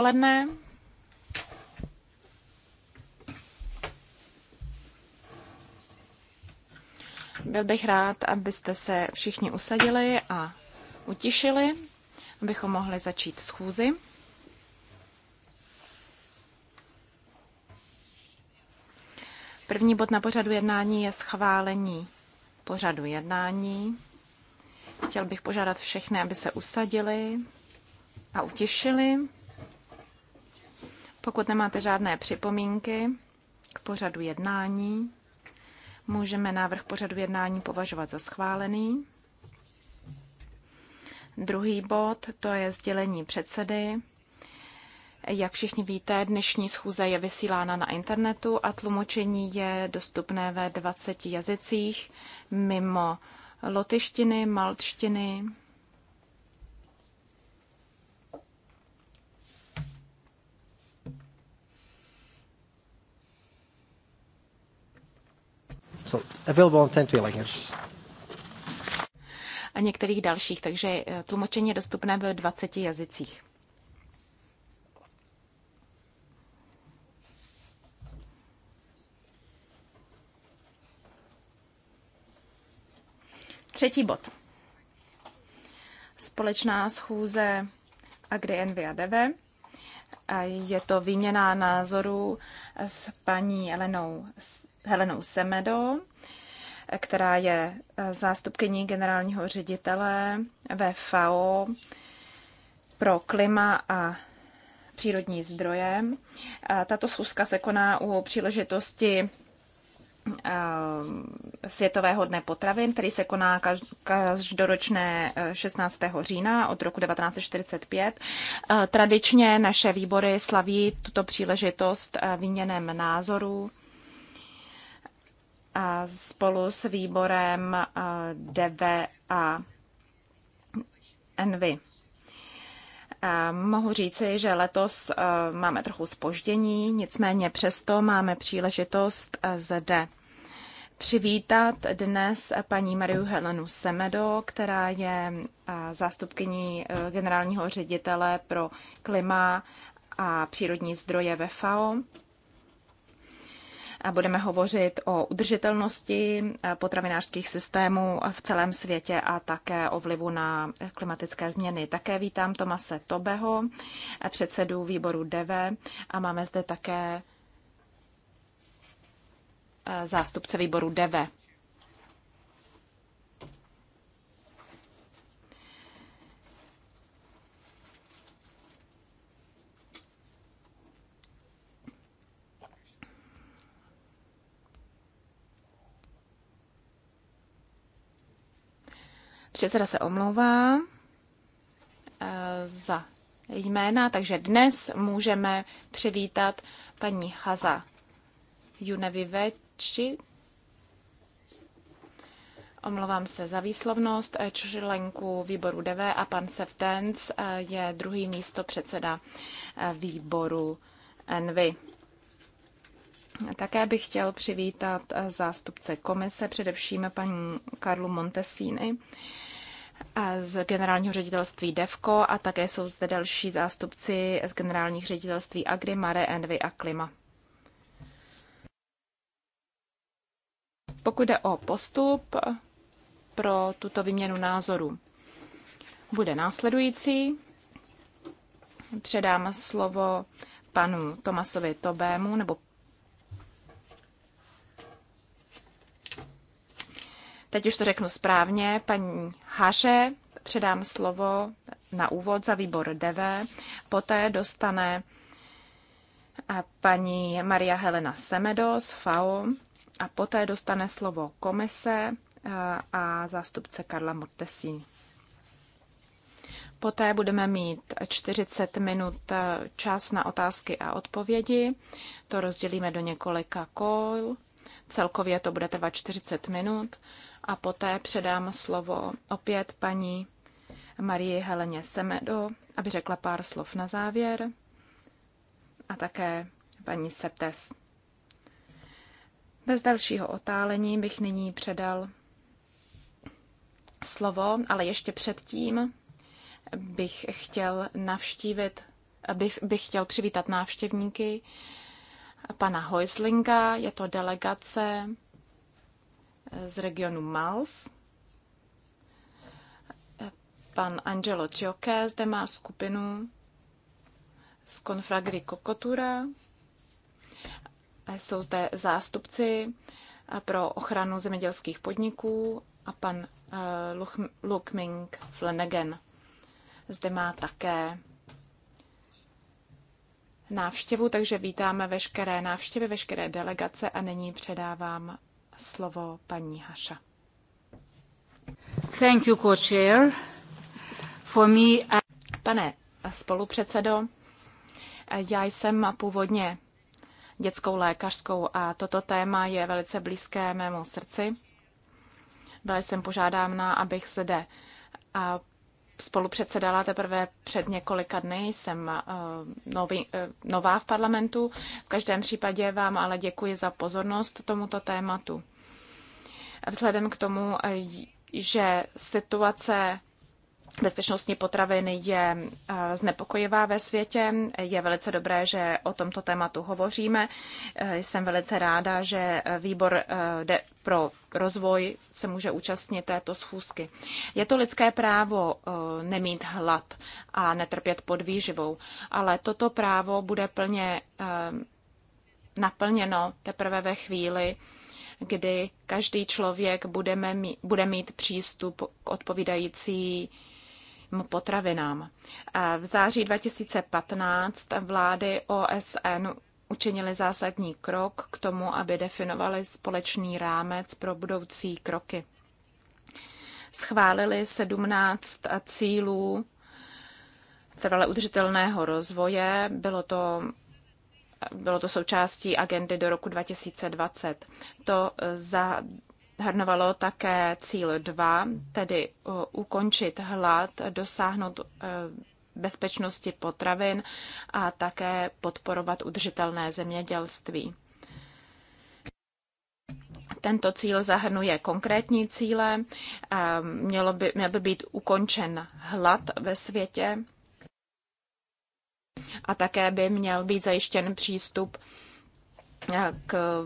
odpoledne. Byl bych rád, abyste se všichni usadili a utišili, abychom mohli začít schůzi. První bod na pořadu jednání je schválení pořadu jednání. Chtěl bych požádat všechny, aby se usadili a utišili. Pokud nemáte žádné připomínky k pořadu jednání, můžeme návrh pořadu jednání považovat za schválený. Druhý bod, to je sdělení předsedy. Jak všichni víte, dnešní schůze je vysílána na internetu a tlumočení je dostupné ve 20 jazycích mimo lotyštiny, maltštiny, So, available 10 A některých dalších, takže eh, tlumočení je dostupné ve 20 jazycích. Třetí bod. Společná schůze Agri Envy je to výměna názorů s paní Helenou, Helenou Semedo, která je eh, zástupkyní generálního ředitele ve FAO pro klima a přírodní zdroje. Tato schůzka se koná u příležitosti Eh, Světového dne potravin, který se koná každoročné eh, 16. října od roku 1945. Eh, Tradičně naše výbory slaví tuto příležitost výměnem a spolu s výborem DV a Envy. Mohu říci, že letos máme trochu spoždění, nicméně přesto máme příležitost zde přivítat dnes paní Mariu Helenu Semedo, která je zástupkyní e, generálního ředitele pro klima a přírodní zdroje ve FAO. A budeme hovořit o udržitelnosti e, potravinářských systémů v celém světě a také o vlivu na klimatické změny. Také vítám Tomase Tobeho, e, předsedu výboru DEVE a máme zde také zástupce výboru DEVE. Předseda se omlouvá eh, za jména, takže dnes můžeme přivítat paní Haza Junevivet či Omlouvám se za výslovnost. Členku výboru DV a pan Seftens eh, je druhý místo předseda eh, výboru Envy. Také bych chtěl přivítat eh, zástupce komise, především paní Karlu Montesíny z generálního ředitelství DEVKO a také jsou zde další zástupci z generálních ředitelství Agri, Mare, Envy a Klima. Pokud jde o postup pro tuto výměnu názorů, bude následující. Předám slovo panu Tomasovi Tobému, nebo teď už to řeknu správně, paní Haše, předám slovo na úvod za výbor DV, poté dostane paní Maria Helena Semedo z FAO a poté dostane slovo komise eh, a zástupce Karla Mortesín. Poté budeme mít 40 minut eh, čas na otázky a odpovědi. To rozdělíme do několika kol. Celkově to bude trvat 40 minut. A poté předám slovo opět paní Marii Heleně Semedo, aby řekla pár slov na závěr. A také paní Septest. Bez dalšího otálení bych nyní předal slovo, ale ještě předtím bych chtěl navštívit, bych, bych chtěl přivítat návštěvníky pana Heuslinga, je to delegace z regionu Mals. Pan Angelo Cioke zde má skupinu z Confragri Cocotura. Jsou zde zástupci eh, pro ochranu zemědělských podniků a pan eh, Lukming Flanagan. Zde má také návštěvu, takže vítáme veškeré návštěvy, veškeré delegace a nyní předávám slovo paní Haša. Thank you, co-chair. For me, I... Pane eh, spolupředsedo, já jsem původně dětskou lékařskou a toto téma je velice blízké mému srdci. Byla jsem požádána, abych zde a spolupředsedala teprve před několika dny, jsem eh, nový, eh, nová v parlamentu. V každém případě vám ale děkuji za pozornost tomuto tématu. Vzhledem k tomu, eh, že situace bezpečnostní potravin je eh, znepokojivá ve světě. Je velice dobré, že o tomto tématu hovoříme. Eh, jsem velice ráda, že eh, výbor pro rozvoj se může účastnit této schůzky. Je to lidské právo nemít hlad a netrpět pod výživou, ale toto právo bude plně naplněno teprve ve chvíli, kdy každý člověk bude mít přístup k odpovídající potravinám. V září 2015 vlády OSN učinili zásadní krok k tomu, aby definovali společný rámec pro budoucí kroky. Schválili 17 cílů trvale udržitelného rozvoje. Bylo to bylo to součástí agendy do roku 2020. To za, Hrnovalo také cíl 2, tedy uh, ukončit hlad, dosáhnout uh, bezpečnosti potravin a také podporovat udržitelné zemědělství. Tento cíl zahrnuje konkrétní cíle, um, mělo by, měl by být ukončen hlad ve světě a také by měl být zajištěn přístup uh, k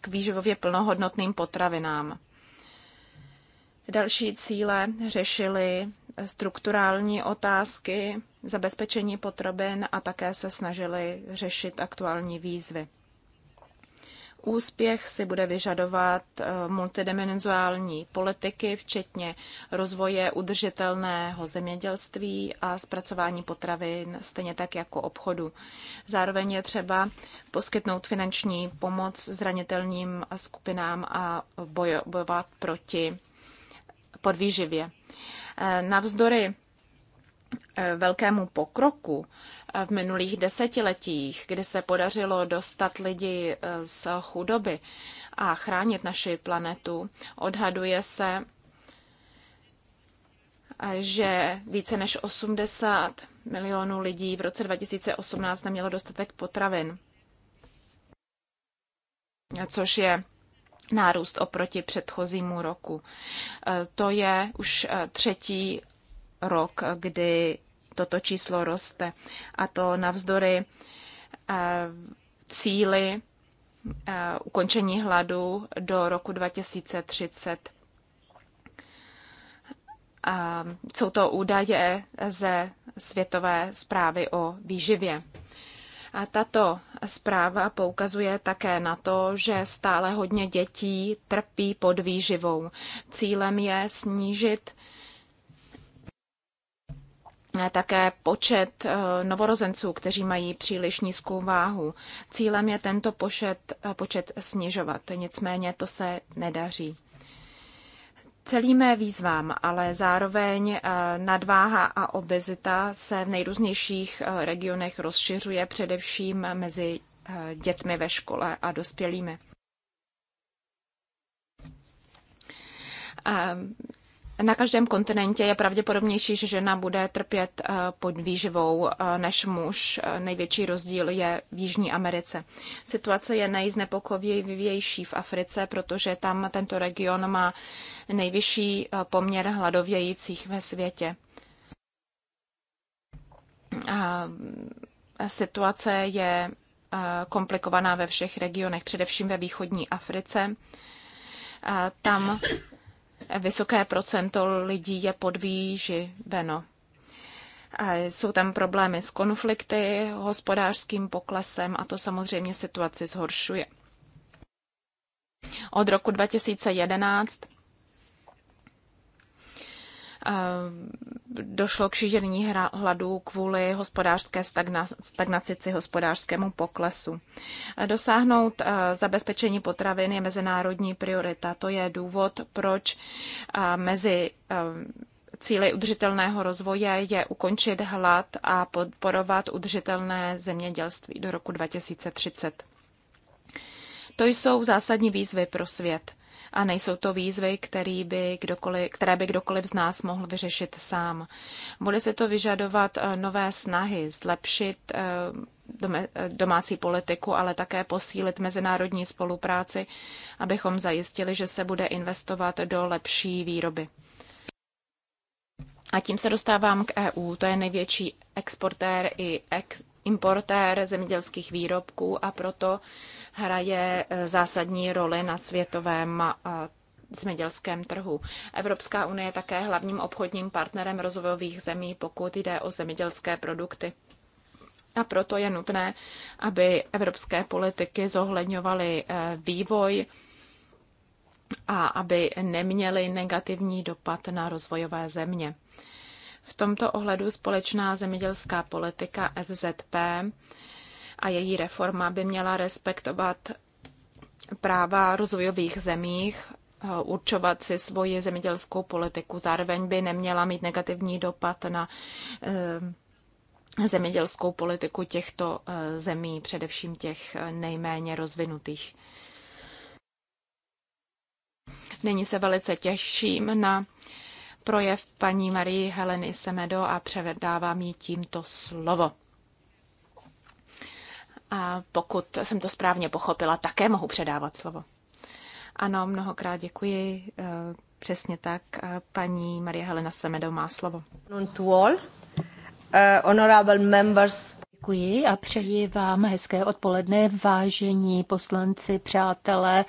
k výživově plnohodnotným potravinám. Další cíle řešily strukturální otázky, zabezpečení potravin a také se snažili řešit aktuální výzvy. Úspěch si bude vyžadovat eh, multidimenzuální politiky, včetně rozvoje udržitelného zemědělství a zpracování potravin, stejně tak jako obchodu. Zároveň je třeba poskytnout finanční pomoc zranitelným skupinám a bojovat proti podvýživě. Eh, navzdory eh, velkému pokroku v minulých desetiletích, kdy se podařilo dostat lidi eh, z chudoby a chránit naši planetu, odhaduje se, že více než 80 milionů lidí v roce 2018 nemělo dostatek potravin, což je nárůst oproti předchozímu roku. Eh, to je už eh, třetí rok, kdy toto číslo roste. A to navzdory eh, cíly eh, ukončení hladu do roku 2030. A jsou to údaje ze světové zprávy o výživě. A tato zpráva poukazuje také na to, že stále hodně dětí trpí pod výživou. Cílem je snížit také počet eh, novorozenců, kteří mají příliš nízkou váhu. Cílem je tento počet, eh, počet snižovat, nicméně to se nedaří. Celíme výzvám, ale zároveň eh, nadváha a obezita se v nejrůznějších regionech rozšiřuje především mezi dětmi ve škole a dospělými. Na každém kontinentě je pravděpodobnější, že žena bude trpět eh, pod výživou eh, než muž. Eh, největší rozdíl je v Jižní Americe. Situace je nejznepokojivější v Africe, protože tam tento region má nejvyšší poměr hladovějících ve světě. A situace je komplikovaná ve všech regionech, především ve východní Africe. A tam vysoké procento lidí je podvýživeno. Jsou tam problémy s konflikty, hospodářským poklesem a to samozřejmě situaci zhoršuje. Od roku 2011 došlo k šíření hladu kvůli hospodářské stagnaci či hospodářskému poklesu. Dosáhnout zabezpečení potravin je mezinárodní priorita. To je důvod, proč mezi cíly udržitelného rozvoje je ukončit hlad a podporovat udržitelné zemědělství do roku 2030. To jsou zásadní výzvy pro svět a nejsou to výzvy, který by kdokoliv, které by kdokoliv z nás mohl vyřešit sám. Bude se to vyžadovat eh, nové snahy zlepšit eh, eh, domácí politiku, ale také posílit mezinárodní spolupráci, abychom zajistili, že se bude investovat do lepší výroby. A tím se dostávám k EU. To je největší exportér i ex- importér zemědělských výrobků a proto hraje eh, zásadní roli na světovém eh, zemědělském trhu. Evropská unie je také hlavním obchodním partnerem rozvojových zemí, pokud jde o zemědělské produkty. A proto je nutné, aby evropské politiky zohledňovaly eh, vývoj a aby neměly negativní dopad na rozvojové země. V tomto ohledu společná zemědělská politika SZP a její reforma by měla respektovat práva rozvojových zemích, eh, určovat si svoji zemědělskou politiku. Zároveň by neměla mít negativní dopad na eh, zemědělskou politiku těchto eh, zemí, především těch nejméně rozvinutých. Nyní se velice těším na projev paní Marie Heleny Semedo a předávám jí tímto slovo. A pokud jsem to správně pochopila, také mohu předávat slovo. Ano, mnohokrát děkuji. E, přesně tak. E, paní Maria Helena Semedo má slovo. To all, uh, honorable members Děkuji a přeji vám hezké odpoledne, vážení poslanci, přátelé,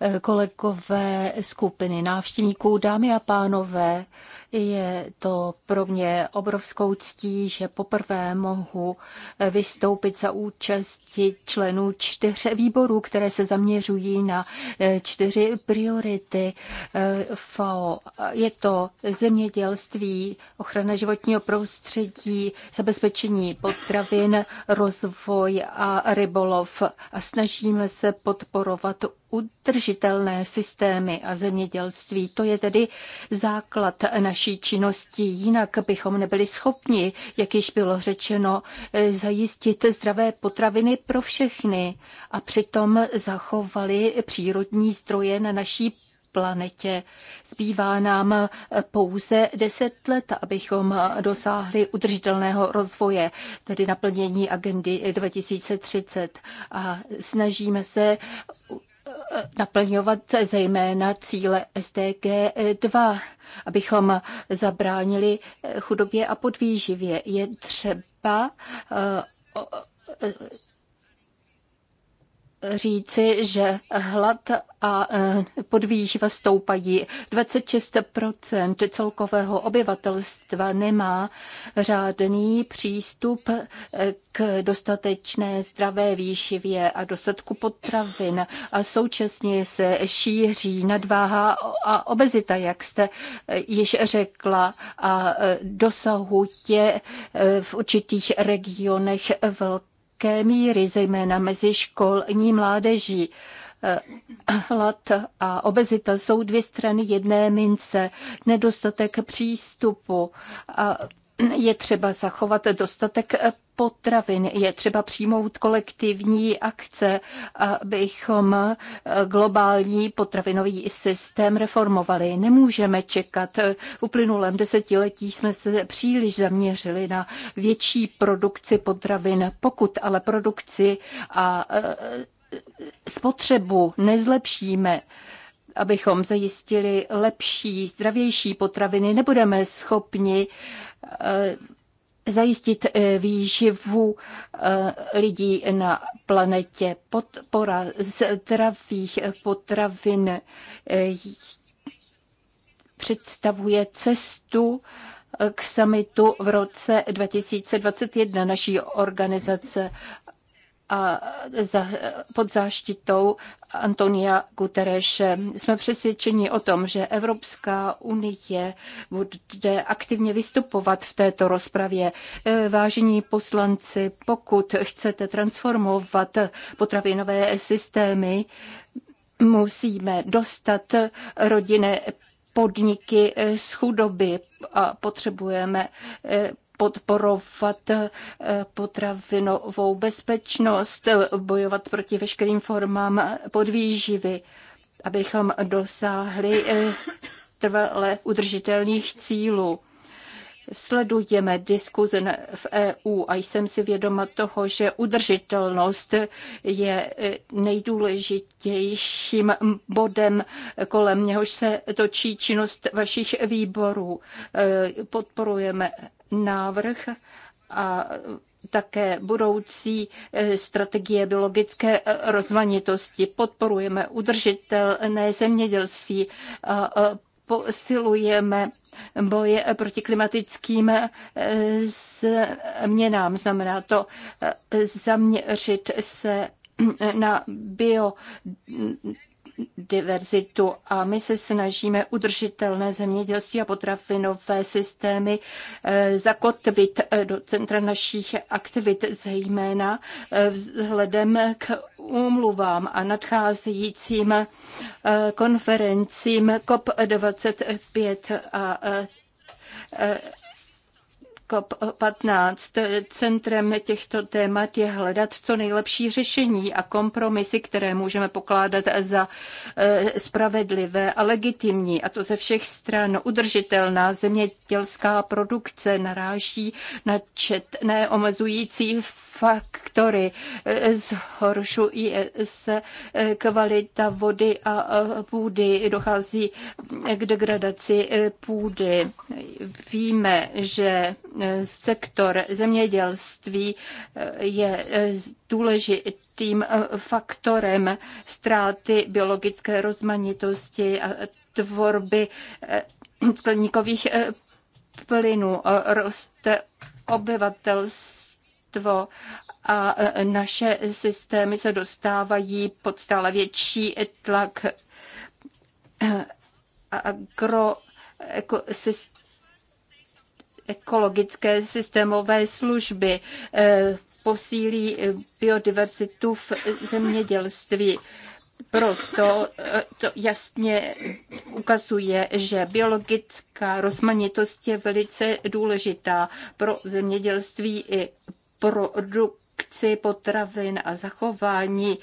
eh, kolegové, skupiny návštěvníků, dámy a pánové. Je to pro mě obrovskou ctí, že poprvé mohu vystoupit za účasti členů čtyř výborů, které se zaměřují na e, čtyři priority e, FAO. Je to zemědělství, ochrana životního prostředí, zabezpečení potravin, rozvoj a rybolov. A snažíme se podporovat udržitelné systémy a zemědělství. To je tedy základ naší činnosti. Jinak bychom nebyli schopni, jak již bylo řečeno, eh, zajistit zdravé potraviny pro všechny a přitom zachovali přírodní zdroje na naší planetě. Zbývá nám eh, pouze deset let, abychom dosáhli udržitelného rozvoje, tedy naplnění agendy 2030. A snažíme se naplňovat zejména cíle SDG 2, abychom zabránili chudobě a podvýživě. Je třeba eh, říci, že hlad a e, podvýživa stoupají. 26 celkového obyvatelstva nemá řádný přístup e, k dostatečné zdravé výživě a dostatku potravin a současně se šíří nadváha a obezita, jak jste e, již řekla, a dosahuje v určitých regionech velké velké míry, zejména mezi školní mládeží eh, hlad a obezita jsou dvě strany jedné mince, nedostatek přístupu a je třeba zachovat dostatek potravin, je třeba přijmout kolektivní akce, abychom globální potravinový systém reformovali. Nemůžeme čekat. V uplynulém desetiletí jsme se příliš zaměřili na větší produkci potravin. Pokud ale produkci a e, spotřebu nezlepšíme, abychom zajistili lepší, zdravější potraviny, nebudeme schopni uh, Eh, zajistit eh, výživu eh, lidí na planetě, podpora zdravých potravin představuje cestu k samitu v roce 2021 naší organizace a za, pod záštitou Antonia Guterreše. Jsme přesvědčeni o tom, že Evropská unie bude aktivně vystupovat v této rozpravě. Vážení poslanci, pokud chcete transformovat potravinové systémy, musíme dostat rodinné podniky z chudoby a potřebujeme podporovat eh, potravinovou bezpečnost, bojovat proti veškerým formám podvýživy, abychom dosáhli eh, trvale udržitelných cílů sledujeme diskuze v EU a jsem si vědoma toho, že udržitelnost je eh, nejdůležitějším bodem, kolem něhož se točí činnost vašich výborů. Podporujeme návrh a také budoucí eh, strategie biologické eh, rozmanitosti. Podporujeme udržitelné zemědělství, eh, posilujeme boje proti klimatickým změnám. Znamená to zaměřit se na bio biodiverzitu a my se snažíme udržitelné zemědělství a potravinové systémy eh, zakotvit eh, do centra našich aktivit, zejména eh, vzhledem k úmluvám a nadcházejícím konferencím COP25 a COP15. Centrem těchto témat je hledat co nejlepší řešení a kompromisy, které můžeme pokládat za e, spravedlivé a legitimní, a to ze všech stran. Udržitelná zemědělská produkce naráží na četné omezující faktory. Eh, zhoršují se eh, kvalita vody a eh, půdy, dochází k degradaci půdy. Víme, že sektor zemědělství je tím faktorem ztráty biologické rozmanitosti a tvorby skleníkových plynů. Roste obyvatelstvo lidstvo a e, naše systémy se dostávají pod stále větší tlak e, agro ekologické systémové služby, e, posílí biodiverzitu v zemědělství. Proto to jasně ukazuje, že biologická rozmanitost je velice důležitá pro zemědělství i produkci potravin a zachování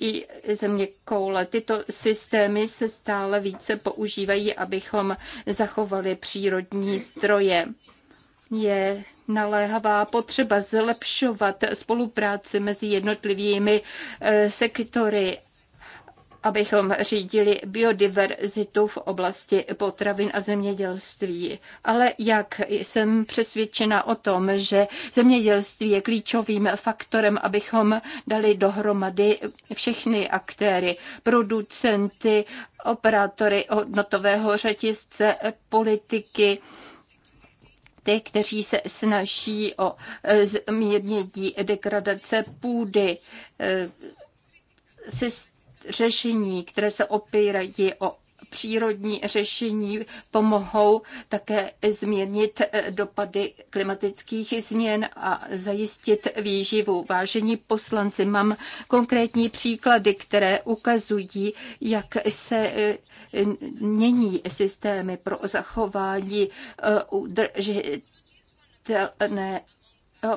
i eh, země koule. Tyto systémy se stále více používají, abychom zachovali přírodní zdroje. Je naléhavá potřeba zlepšovat spolupráci mezi jednotlivými eh, sektory abychom řídili biodiverzitu v oblasti potravin a zemědělství. Ale jak jsem přesvědčena o tom, že zemědělství je klíčovým faktorem, abychom dali dohromady všechny aktéry, producenty, operátory hodnotového řetězce, politiky, ty, kteří se snaží o zmírnění degradace půdy, eh, systém řešení, které se opírají o přírodní řešení pomohou také změnit eh, dopady klimatických změn a zajistit výživu. Vážení poslanci, mám konkrétní příklady, které ukazují, jak se eh, mění systémy pro zachování eh, udržitelné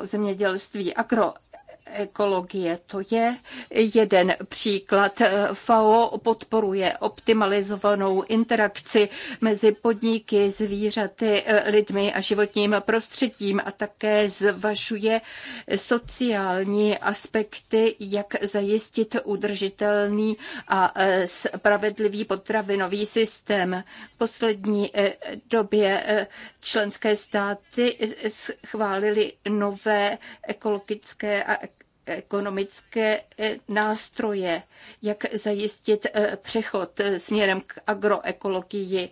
zemědělství. Akro ekologie. To je jeden příklad. FAO podporuje optimalizovanou interakci mezi podniky, zvířaty, lidmi a životním prostředím a také zvažuje sociální aspekty, jak zajistit udržitelný a spravedlivý potravinový systém. V poslední době členské státy schválili nové ekologické a ekologické ekonomické eh, nástroje, jak zajistit eh, přechod eh, směrem k agroekologii.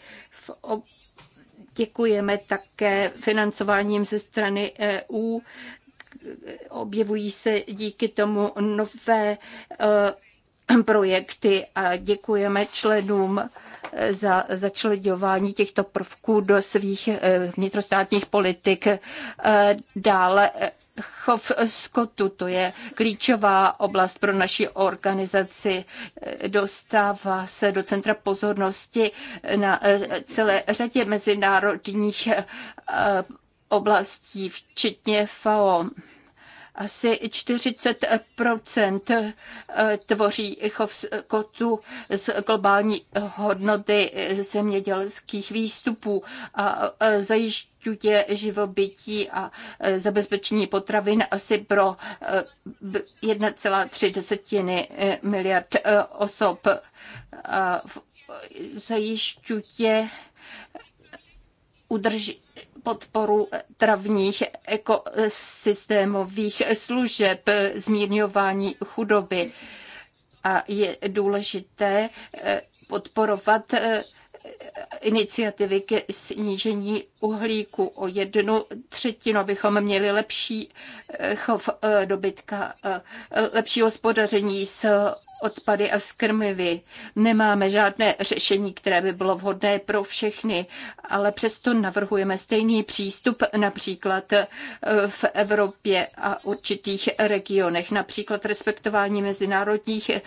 Děkujeme také financováním ze strany EU. Objevují se díky tomu nové projekty a děkujeme členům za začleňování těchto prvků do svých vnitrostátních politik. Dále chov skotu, to je klíčová oblast pro naši organizaci. Dostává se do centra pozornosti na eh, celé řadě mezinárodních eh, oblastí, včetně FAO. Asi 40 eh, tvoří chov kotu z globální hodnoty zemědělských výstupů a eh, zajišťuje živobytí a eh, zabezpečení potravin asi pro 1,3 miliard osob. Zajišťuje udrž podporu travních ekosystémových služeb, zmírňování chudoby. A je důležité eh, podporovat eh, iniciativy ke snížení uhlíku o jednu třetinu, abychom měli lepší eh, chov dobytka, lepší hospodaření s odpady a skrmlivy. Nemáme žádné řešení, které by bylo vhodné pro všechny, ale přesto navrhujeme stejný přístup například eh, v Evropě a určitých regionech, například respektování mezinárodních eh,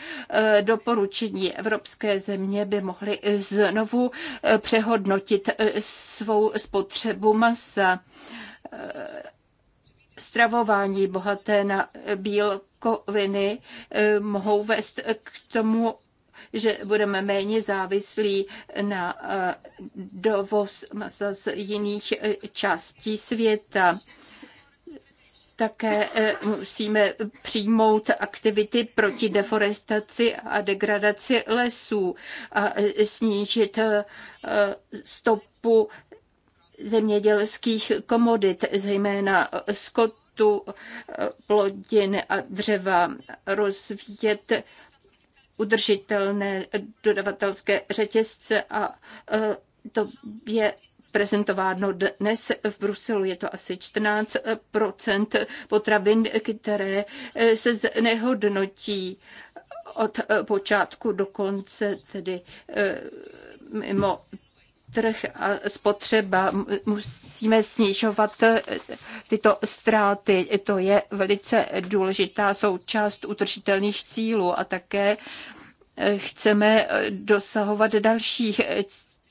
doporučení. Evropské země by mohly eh, znovu přehodnotit svou spotřebu masa stravování bohaté na bílkoviny eh, mohou vést k tomu, že budeme méně závislí na eh, dovoz masa z jiných eh, částí světa. Také musíme přijmout aktivity proti deforestaci a degradaci lesů a snížit stopu zemědělských komodit, zejména skotu, plodin a dřeva, rozvíjet udržitelné dodavatelské řetězce a e, to je prezentováno dnes v Bruselu. Je to asi 14 potravin, které e, se znehodnotí od e, počátku do konce, tedy mimo trh a spotřeba. Musíme snižovat e, tyto ztráty. To je velice důležitá součást utržitelných cílů a také e, chceme e, dosahovat dalších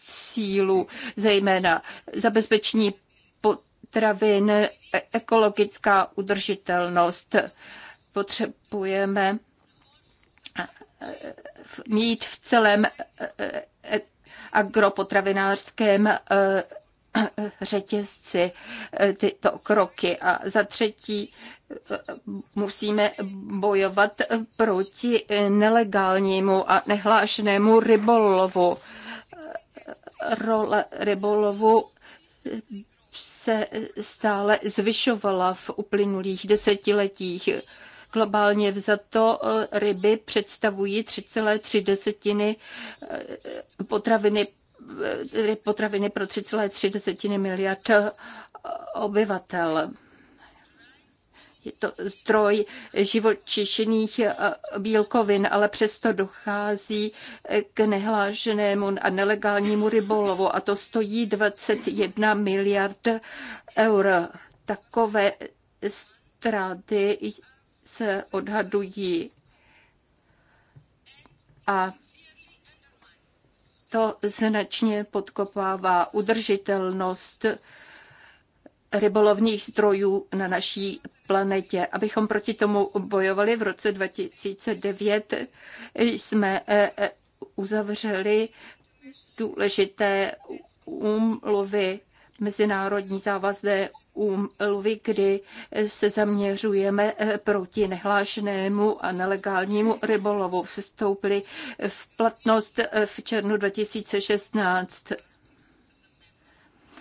cílů, zejména zabezpečení potravin, ekologická udržitelnost. Potřebujeme mít v celém agropotravinářském eh, eh, řetězci eh, tyto kroky. A za třetí musíme bojovat proti nelegálnímu a nehlášenému rybolovu. Role rybolovu se stále zvyšovala v uplynulých desetiletích. Globálně vzato e, ryby představují 3,3 e, potraviny e, potraviny pro 3,3 miliard obyvatel. Je to zdroj živočišných bílkovin, ale přesto dochází k nehláženému a nelegálnímu rybolovu a to stojí 21 miliard eur. Takové ztráty se odhadují. A to značně podkopává udržitelnost rybolovných zdrojů na naší planetě. Abychom proti tomu bojovali, v roce 2009 jsme e, e, uzavřeli důležité úmluvy mezinárodní závazné úmluvy, kdy se zaměřujeme eh, proti nehlášenému a nelegálnímu rybolovu. Vstoupili v platnost eh, v červnu 2016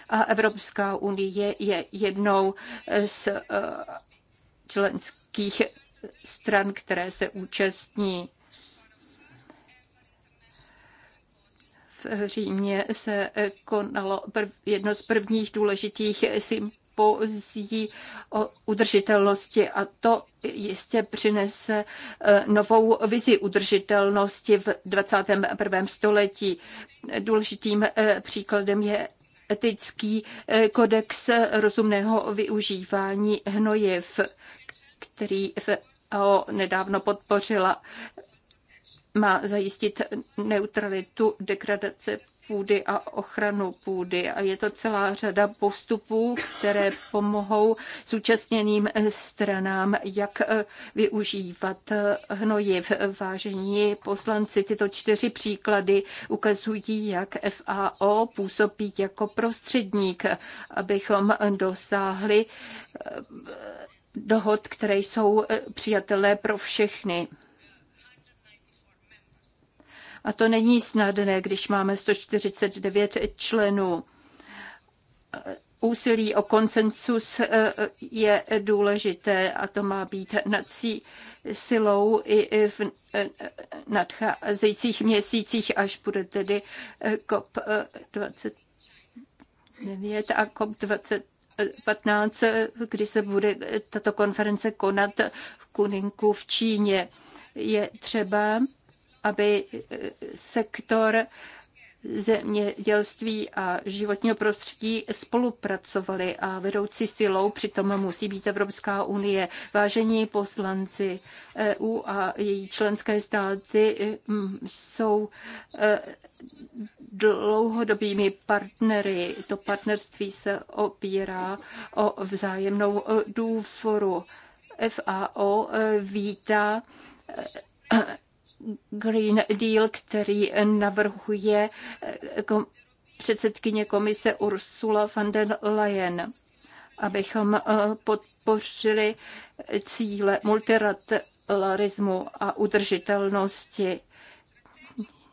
a Evropská unie je jednou z eh, členských stran, které se účastní. V Římě se konalo jedno z prvních důležitých symbolů pozí o udržitelnosti a to jistě přinese e, novou vizi udržitelnosti v 21. století. Důležitým e, příkladem je etický e, kodex rozumného využívání hnojiv, který o nedávno podpořila má zajistit neutralitu degradace půdy a ochranu půdy. A je to celá řada postupů, které pomohou zúčastněným stranám, jak e, využívat e, hnojiv. Vážení poslanci, tyto čtyři příklady ukazují, jak FAO působí jako prostředník, abychom dosáhli e, dohod, které jsou přijatelné pro všechny. A to není snadné, když máme 149 členů. Úsilí o konsensus eh, je důležité a to má být nací silou i v eh, nadcházejících měsících, až bude tedy eh, COP29 a COP20. 15, kdy se bude tato konference konat v Kuninku v Číně. Je třeba aby eh, sektor zemědělství a životního prostředí spolupracovali a vedoucí silou přitom musí být Evropská unie. Vážení poslanci EU a její členské státy eh, jsou eh, dlouhodobými partnery. To partnerství se opírá o vzájemnou důforu. FAO vítá Green Deal, který navrhuje eh, předsedkyně komise Ursula von der Leyen, abychom eh, podpořili cíle multilateralismu a udržitelnosti.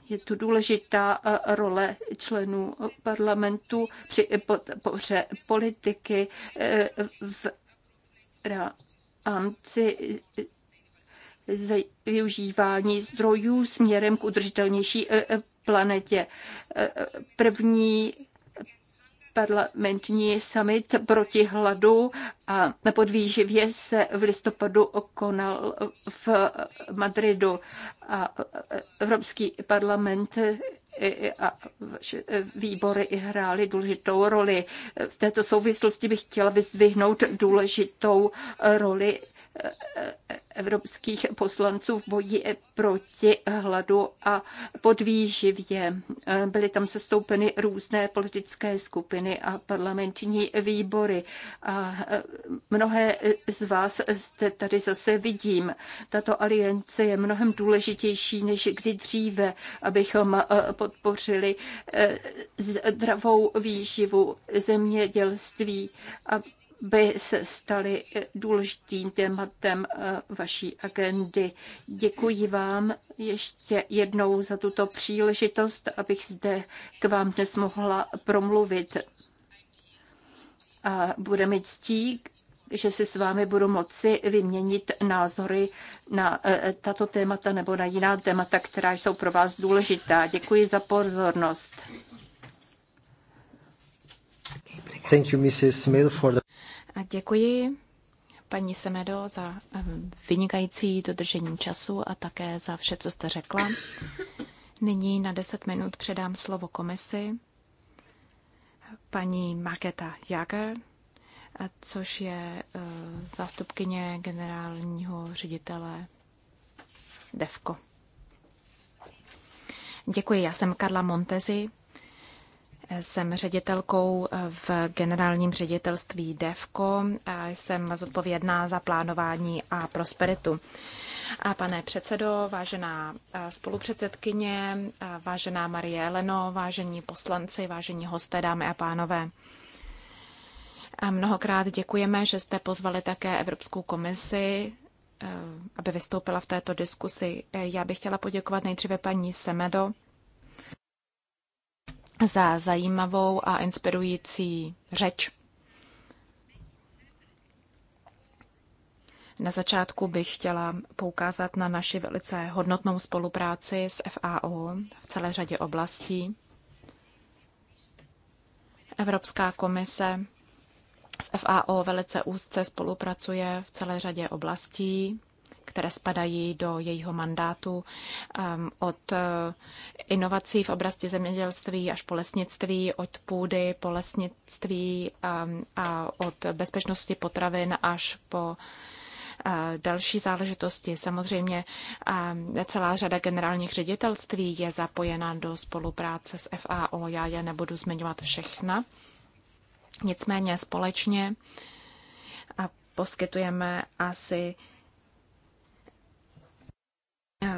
Je tu důležitá eh, role členů parlamentu při podpoře politiky v rámci využívání zdrojů směrem k udržitelnější e, e, planetě. E, první parlamentní summit proti hladu a podvýživě se v listopadu konal v Madridu. A Evropský parlament a výbory hrály důležitou roli. V této souvislosti bych chtěla vyzdvihnout důležitou roli evropských poslanců v boji proti hladu a podvýživě. Byly tam sestoupeny různé politické skupiny a parlamentní výbory. A mnohé z vás jste tady zase vidím. Tato aliance je mnohem důležitější než kdy dříve, abychom podpořili zdravou výživu zemědělství, a by se staly eh, důležitým tématem eh, vaší agendy. Děkuji vám ještě jednou za tuto příležitost, abych zde k vám dnes mohla promluvit. A bude mi ctí, že si s vámi budu moci vyměnit názory na eh, tato témata nebo na jiná témata, která jsou pro vás důležitá. Děkuji za pozornost. Thank you, Mrs. Smith, for the... A děkuji paní Semedo za ehm, vynikající dodržení času a také za vše, co jste řekla. Nyní na 10 minut předám slovo komisi paní Maketa Jager, což je eh, zástupkyně generálního ředitele DEVKO. Děkuji, já jsem Karla Montezi jsem ředitelkou eh, v generálním ředitelství DEVKO a jsem zodpovědná za plánování a prosperitu. A pane předsedo, vážená eh, spolupředsedkyně, eh, vážená Marie Eleno, vážení poslanci, vážení hosté, dámy a pánové. A mnohokrát děkujeme, že jste pozvali také Evropskou komisi, aby vystoupila v této diskusi. Já bych chtěla poděkovat nejdříve paní Semedo za zajímavou a inspirující řeč. Na začátku bych chtěla poukázat na naši velice hodnotnou spolupráci s FAO v celé řadě oblastí. Evropská komise s FAO velice úzce spolupracuje v celé řadě oblastí které spadají do jejího mandátu, um, od uh, inovací v oblasti zemědělství až po lesnictví, od půdy po lesnictví um, a od bezpečnosti potravin až po uh, další záležitosti. Samozřejmě um, celá řada generálních ředitelství je zapojena do spolupráce s FAO. Já je nebudu zmiňovat všechna. Nicméně společně poskytujeme asi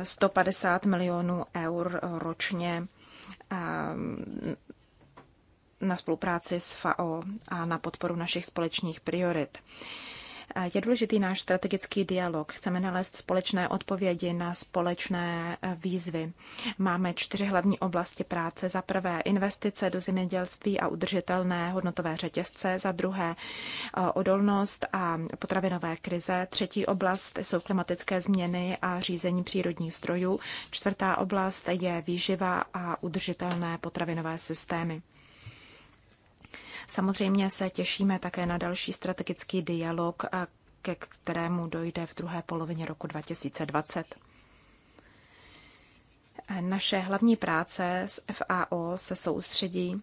150 milionů eur ročně ehm, na spolupráci s FAO a na podporu našich společných priorit. Je důležitý náš strategický dialog. Chceme nalézt společné odpovědi na společné eh, výzvy. Máme čtyři hlavní oblasti práce. Za prvé investice do zemědělství a udržitelné hodnotové řetězce. Za druhé eh, odolnost a potravinové krize. Třetí oblast jsou klimatické změny a řízení přírodních zdrojů. Čtvrtá oblast je výživa a udržitelné potravinové systémy. Samozřejmě se těšíme také na další strategický dialog, ke kterému dojde v druhé polovině roku 2020. Naše hlavní práce s FAO se soustředí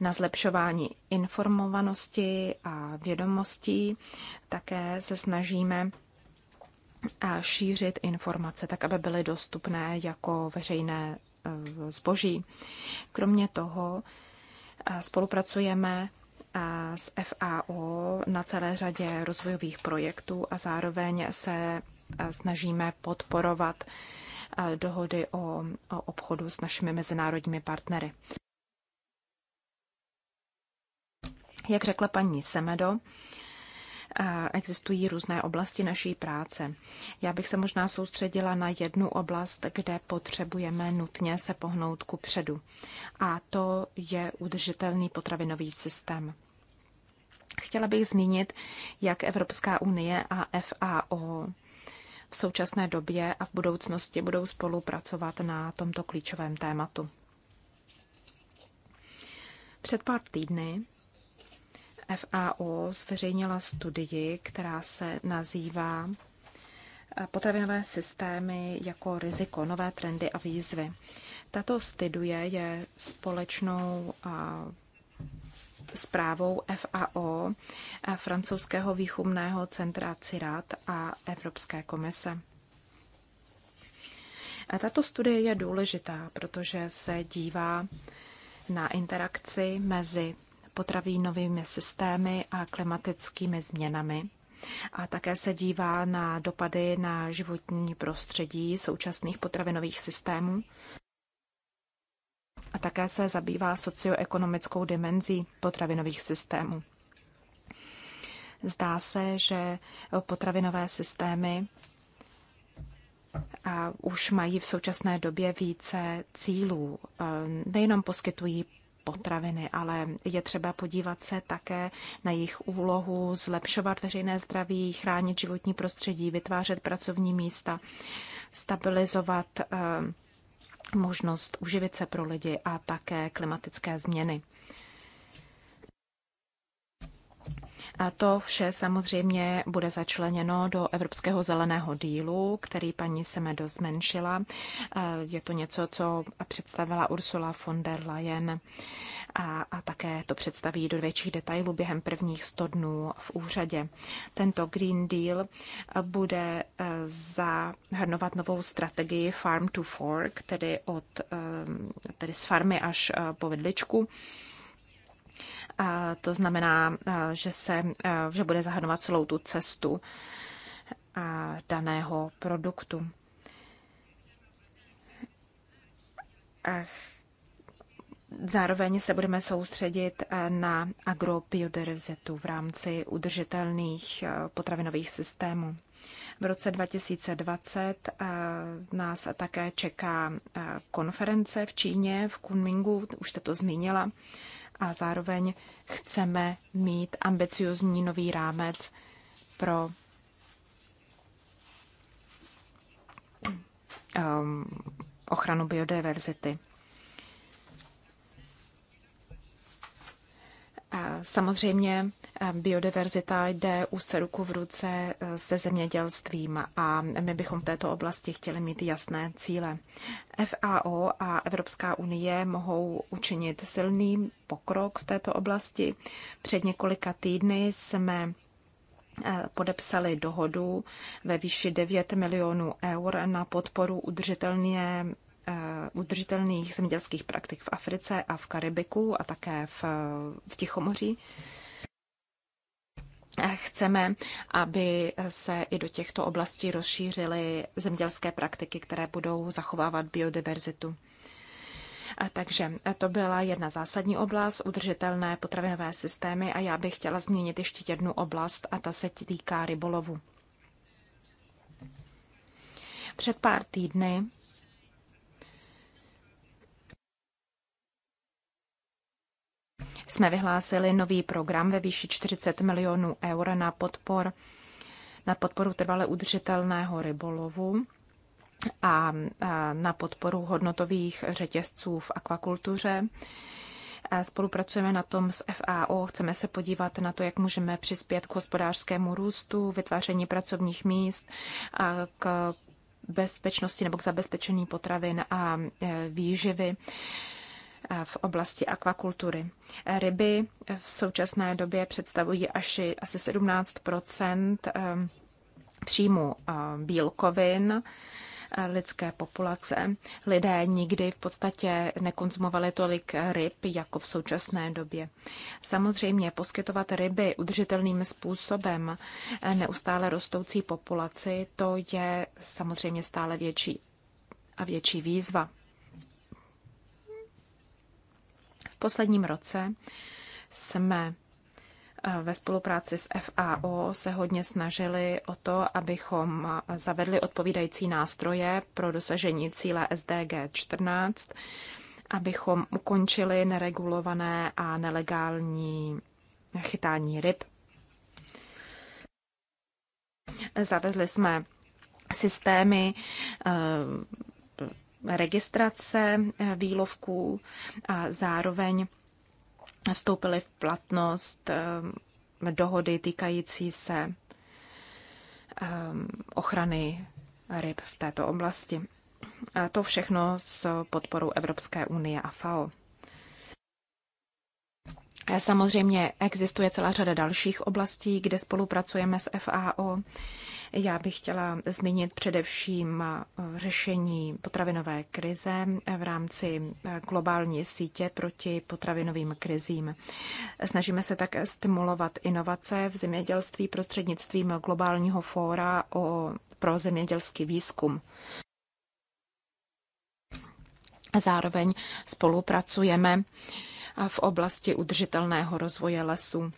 na zlepšování informovanosti a vědomostí. Také se snažíme šířit informace tak, aby byly dostupné jako veřejné e, zboží. Kromě toho Spolupracujeme s FAO na celé řadě rozvojových projektů a zároveň se snažíme podporovat dohody o, o obchodu s našimi mezinárodními partnery. Jak řekla paní Semedo, existují různé oblasti naší práce. Já bych se možná soustředila na jednu oblast, kde potřebujeme nutně se pohnout ku předu. A to je udržitelný potravinový systém. Chtěla bych zmínit, jak Evropská unie a FAO v současné době a v budoucnosti budou spolupracovat na tomto klíčovém tématu. Před pár týdny FAO zveřejnila studii, která se nazývá eh, Potravinové systémy jako riziko, nové trendy a výzvy. Tato studie je společnou eh, zprávou FAO, eh, francouzského výchumného centra CIRAT a Evropské komise. A tato studie je důležitá, protože se dívá na interakci mezi potravinovými systémy a klimatickými změnami. A také se dívá na dopady na životní prostředí současných potravinových systémů. A také se zabývá socioekonomickou dimenzí potravinových systémů. Zdá se, že potravinové systémy a už mají v současné době více cílů. Eh, nejenom poskytují potraviny, ale je třeba podívat se také na jejich úlohu, zlepšovat veřejné zdraví, chránit životní prostředí, vytvářet pracovní místa, stabilizovat eh, možnost uživit se pro lidi a také klimatické změny. A to vše samozřejmě bude začleněno do Evropského zeleného dílu, který paní Semedo zmenšila. Je to něco, co představila Ursula von der Leyen a, a také to představí do větších detailů během prvních 100 dnů v úřadě. Tento Green Deal bude e, zahrnovat novou strategii Farm to Fork, tedy, od, e, tedy z farmy až e, po vedličku. To znamená, že, se, že bude zahrnovat celou tu cestu daného produktu. Zároveň se budeme soustředit na agrobiodiverzitu v rámci udržitelných potravinových systémů. V roce 2020 nás také čeká konference v Číně, v Kunmingu, už jste to zmínila a zároveň chceme mít ambiciozní nový rámec pro um, ochranu biodiverzity. A samozřejmě Biodiverzita jde u se ruku v ruce e, se zemědělstvím a my bychom v této oblasti chtěli mít jasné cíle. FAO a Evropská unie mohou učinit silný pokrok v této oblasti. Před několika týdny jsme e, podepsali dohodu ve výši 9 milionů eur na podporu udržitelně e, udržitelných zemědělských praktik v Africe a v Karibiku a také v, v Tichomoří chceme, aby se i do těchto oblastí rozšířily zemědělské praktiky, které budou zachovávat biodiverzitu. A takže to byla jedna zásadní oblast, udržitelné potravinové systémy a já bych chtěla změnit ještě jednu oblast a ta se týká rybolovu. Před pár týdny jsme vyhlásili nový program ve výši 40 milionů eur na, podpor, na podporu trvale udržitelného rybolovu a na podporu hodnotových řetězců v akvakultuře. Spolupracujeme na tom s FAO, chceme se podívat na to, jak můžeme přispět k hospodářskému růstu, vytváření pracovních míst, a k bezpečnosti nebo k zabezpečení potravin a e, výživy v oblasti akvakultury. Ryby v současné době představují až asi 17 ehm, příjmu ehm, bílkovin eh, lidské populace. Lidé nikdy v podstatě nekonzumovali tolik ryb jako v současné době. Samozřejmě poskytovat ryby udržitelným způsobem eh, neustále rostoucí populaci, to je samozřejmě stále větší a větší výzva. posledním roce jsme eh, ve spolupráci s FAO se hodně snažili o to, abychom eh, zavedli odpovídající nástroje pro dosažení cíle SDG 14, abychom ukončili neregulované a nelegální chytání ryb. Zavedli jsme systémy eh, registrace eh, výlovků a zároveň vstoupily v platnost eh, dohody týkající se eh, ochrany ryb v této oblasti. A to všechno s podporou Evropské unie a FAO. Samozřejmě existuje celá řada dalších oblastí, kde spolupracujeme s FAO. Já bych chtěla zmínit především eh, řešení potravinové krize eh, v rámci eh, globální sítě proti potravinovým krizím. Snažíme se také stimulovat inovace v zemědělství prostřednictvím globálního fóra o, pro zemědělský výzkum. Zároveň spolupracujeme v oblasti udržitelného rozvoje lesů.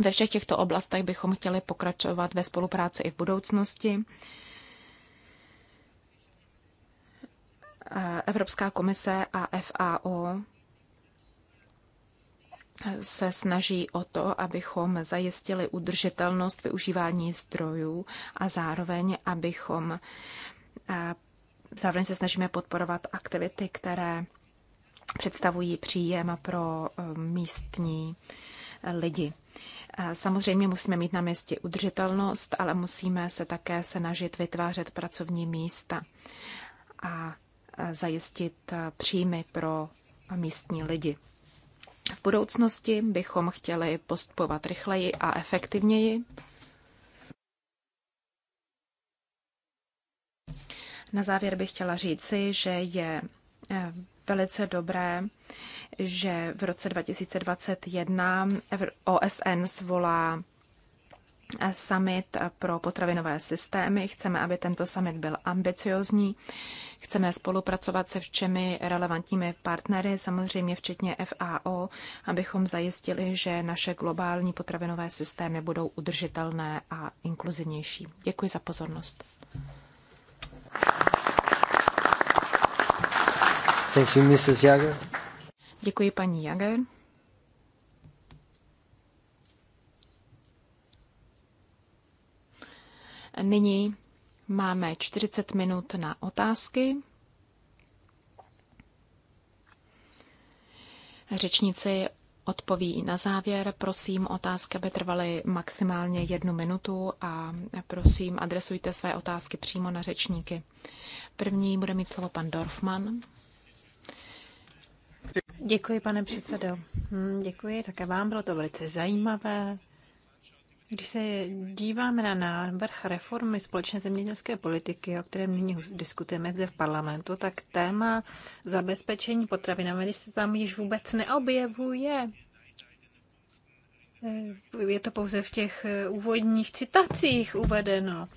Ve všech těchto oblastech bychom chtěli pokračovat ve spolupráci i v budoucnosti. Evropská komise a FAO se snaží o to, abychom zajistili udržitelnost využívání zdrojů a zároveň, abychom zároveň se snažíme podporovat aktivity, které představují příjem pro eh, místní eh, lidi. Eh, samozřejmě musíme mít na městě udržitelnost, ale musíme se také snažit vytvářet pracovní místa a zajistit příjmy pro místní lidi. V budoucnosti bychom chtěli postupovat rychleji a efektivněji. Na závěr bych chtěla říci, že je velice dobré, že v roce 2021 OSN zvolá summit pro potravinové systémy. Chceme, aby tento summit byl ambiciozní. Chceme spolupracovat se všemi relevantními partnery, samozřejmě včetně FAO, abychom zajistili, že naše globální potravinové systémy budou udržitelné a inkluzivnější. Děkuji za pozornost. Thank you, Mrs. Jager. Děkuji, paní Jager. Nyní máme 40 minut na otázky. Řečníci odpoví i na závěr. Prosím, otázky by trvaly maximálně jednu minutu a prosím, adresujte své otázky přímo na řečníky. První bude mít slovo pan Dorfman. Děkuji, pane předsedo. Hm, děkuji také vám, bylo to velice zajímavé. Když se díváme na návrh reformy společné zemědělské politiky, o kterém nyní diskutujeme zde v parlamentu, tak téma zabezpečení potravinami se tam již vůbec neobjevuje. Eh, je to pouze v těch eh, úvodních citacích uvedeno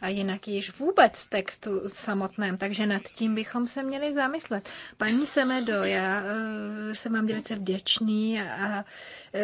a jinak již vůbec v textu samotném, takže nad tím bychom se měli zamyslet. Paní Semedo, já eh, jsem vám velice vděčný a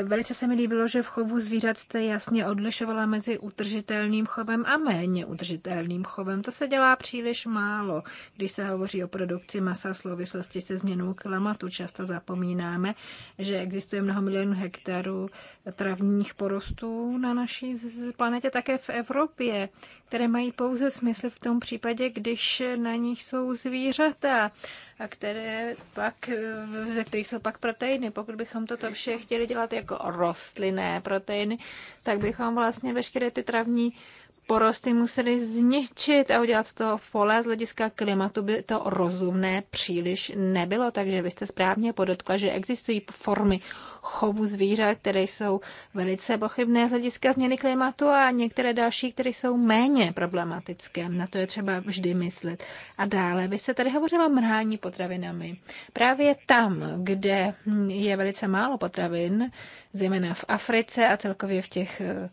velice se mi líbilo, že v chovu zvířat jste jasně odlišovala mezi utržitelným chovem a méně utržitelným chovem. To se dělá příliš málo, když se hovoří o produkci masa v souvislosti se změnou klimatu. Často zapomínáme, že existuje mnoho milionů hektarů travních porostů na naší planetě, také v Evropě, které mají mají pouze smysl v tom případě, když na nich jsou zvířata, a které pak, ze kterých jsou pak proteiny. Pokud bychom toto vše chtěli dělat jako rostlinné proteiny, tak bychom vlastně veškeré ty travní porosty museli zničit a udělat z toho pole z hlediska klimatu by to rozumné příliš nebylo, takže vy jste správně podotkla, že existují formy chovu zvířat, které jsou velice pochybné z hlediska změny klimatu a některé další, které jsou méně problematické. Na to je třeba vždy myslet. A dále, vy jste tady hovořila o mrhání potravinami. Právě tam, kde je velice málo potravin, zejména v Africe a celkově v těch eh,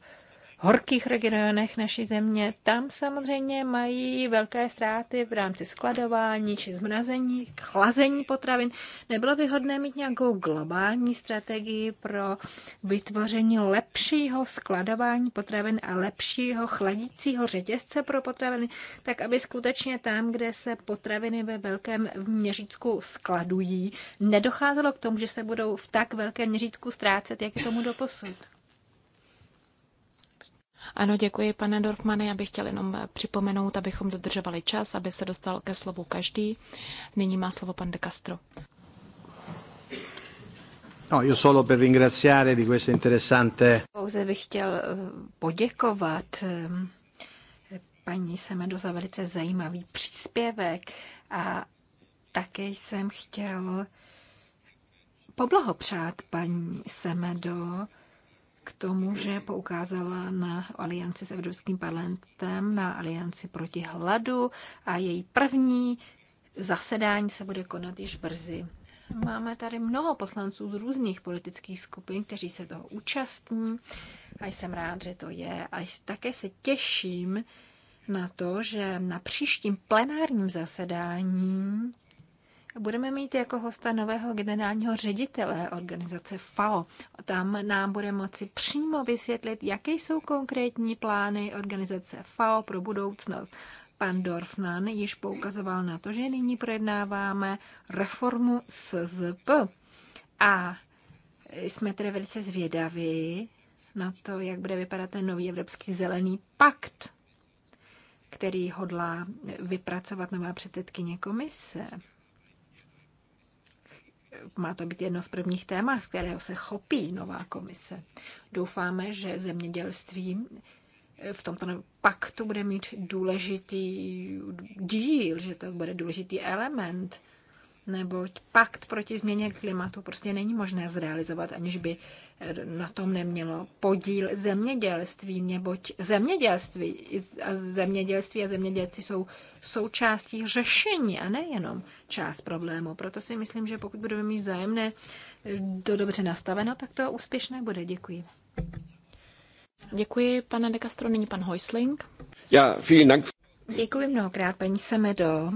horkých regionech naší země, tam samozřejmě mají velké ztráty v rámci skladování či zmrazení, chlazení potravin. Nebylo by hodné mít nějakou globální strategii pro vytvoření lepšího skladování potravin a lepšího chladícího řetězce pro potraviny, tak aby skutečně tam, kde se potraviny ve velkém měřítku skladují, nedocházelo k tomu, že se budou v tak velkém měřítku ztrácet, jak je tomu doposud. Ano, děkuji, pane Dorfmane. Já bych chtěl jenom eh, připomenout, abychom dodržovali čas, aby se dostal ke slovu každý. Nyní má slovo pan de Castro. No, io solo per ringraziare di questo interessante... Pouze bych chtěl eh, poděkovat eh, paní Semedo za velice zajímavý příspěvek a také jsem chtěl poblahopřát paní Semedo k tomu, že poukázala na alianci s Evropským parlamentem, na alianci proti hladu a její první zasedání se bude konat již brzy. Máme tady mnoho poslanců z různých politických skupin, kteří se toho účastní a jsem rád, že to je. A také se těším na to, že na příštím plenárním zasedání Budeme mít jako hosta nového generálního ředitele organizace FAO. Tam nám bude moci přímo vysvětlit, jaké jsou konkrétní plány organizace FAO pro budoucnost. Pan Dorfman již poukazoval na to, že nyní projednáváme reformu SZP. A jsme tedy velice zvědaví na to, jak bude vypadat ten nový Evropský zelený pakt, který hodlá vypracovat nová předsedkyně komise má to být jedno z prvních témat, kterého se chopí nová komise. Doufáme, že zemědělství v tomto paktu bude mít důležitý díl, že to bude důležitý element neboť pakt proti změně klimatu prostě není možné zrealizovat, aniž by na tom nemělo podíl zemědělství, neboť zemědělství, a zemědělství a zemědělci jsou součástí řešení a nejenom část problému. Proto si myslím, že pokud budeme mít zájemné eh, to dobře nastaveno, tak to úspěšné bude. Děkuji. Děkuji, pane De Castro, nyní pan Heusling. Já, vielen Dank. Děkuji mnohokrát, paní Semedo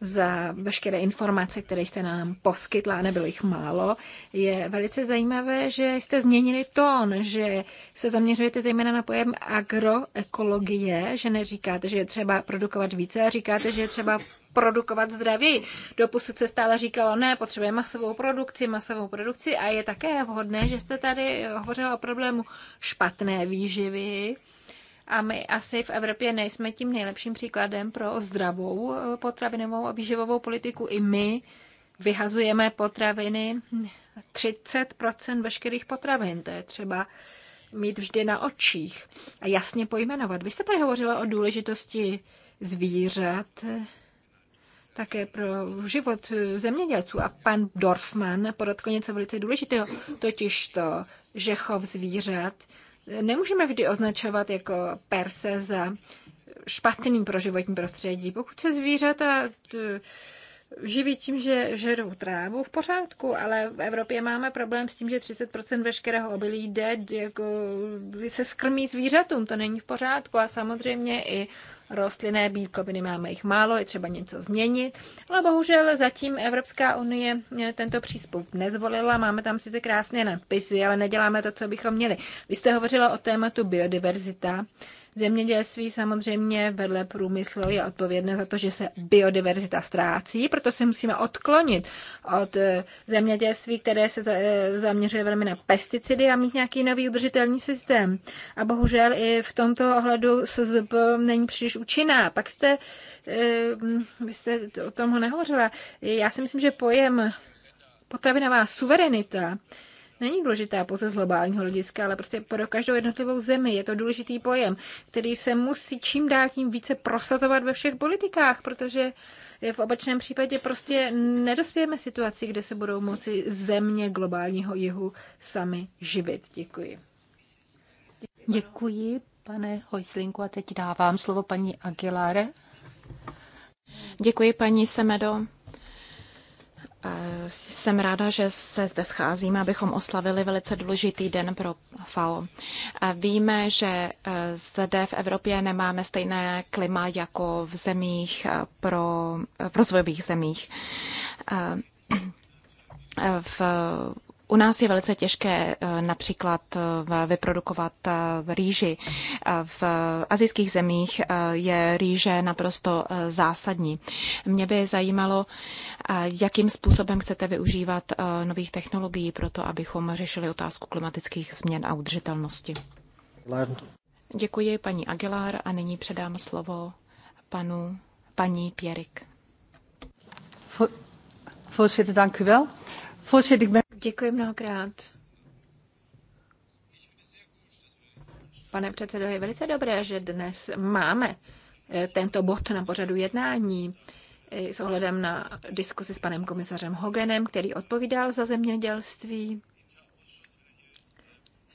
za veškeré informace, které jste nám poskytla, nebylo jich málo. Je velice zajímavé, že jste změnili tón, že se zaměřujete zejména na pojem agroekologie, že neříkáte, že je třeba produkovat více, a říkáte, že je třeba produkovat zdraví. Doposud se stále říkalo, ne, potřebujeme masovou produkci, masovou produkci a je také vhodné, že jste tady hovořila o problému špatné výživy, a my asi v Evropě nejsme tím nejlepším příkladem pro zdravou eh, potravinovou a výživovou politiku. I my vyhazujeme potraviny 30 veškerých potravin. To je třeba mít vždy na očích a jasně pojmenovat. Vy jste tady hovořila o důležitosti zvířat eh, také pro život eh, zemědělců. A pan Dorfman podotkl něco velice důležitého, totiž to, že chov zvířat nemůžeme vždy označovat jako perse za špatným pro životní prostředí. Pokud se zvířata živí tím, že žerou trávu, v pořádku, ale v Evropě máme problém s tím, že 30% veškerého obilí jde, jako, se skrmí zvířatům, to není v pořádku a samozřejmě i rostlinné bílkoviny máme jich málo, je třeba něco změnit, ale bohužel zatím Evropská unie tento přístup nezvolila, máme tam sice krásné nadpisy, ale neděláme to, co bychom měli. Vy jste hovořila o tématu biodiverzita, Zemědělství samozřejmě vedle průmyslu je odpovědné za to, že se biodiverzita ztrácí, proto se musíme odklonit od eh, zemědělství, které se eh, zaměřuje velmi na pesticidy a mít nějaký nový udržitelný systém. A bohužel i v tomto ohledu SZB není příliš účinná. Pak jste, eh, vy jste o tom nehovořila. Já si myslím, že pojem potravinová suverenita není důležitá pouze z globálního hlediska, ale prostě pro každou jednotlivou zemi je to důležitý pojem, který se musí čím dál tím více prosazovat ve všech politikách, protože v obačném případě prostě nedospějeme situaci, kde se budou moci země globálního jihu sami živit. Děkuji. Děkuji, pane Hojslinku, a teď dávám slovo paní Aguilare. Děkuji, paní Semedo. Jsem ráda, že se zde scházíme, abychom oslavili velice důležitý den pro FAO. Víme, že e, zde v Evropě nemáme stejné klima jako v zemích e, pro, e, v rozvojových zemích. V u nás je velice těžké eh, například eh, vyprodukovat eh, rýži. V azijských zemích je rýže naprosto zásadní. Mě by zajímalo, jakým způsobem chcete využívat nových technologií pro to, abychom řešili otázku klimatických změn a udržitelnosti. Děkuji paní Aguilar a nyní předám slovo panu, paní Pěrik. Voorzitter, dank u wel. Voorzitter, ik ben... Děkuji mnohokrát. Pane předsedo, je velice dobré, že dnes máme eh, tento bod na pořadu jednání eh, s ohledem na diskusi s panem komisařem Hogenem, který odpovídal za zemědělství.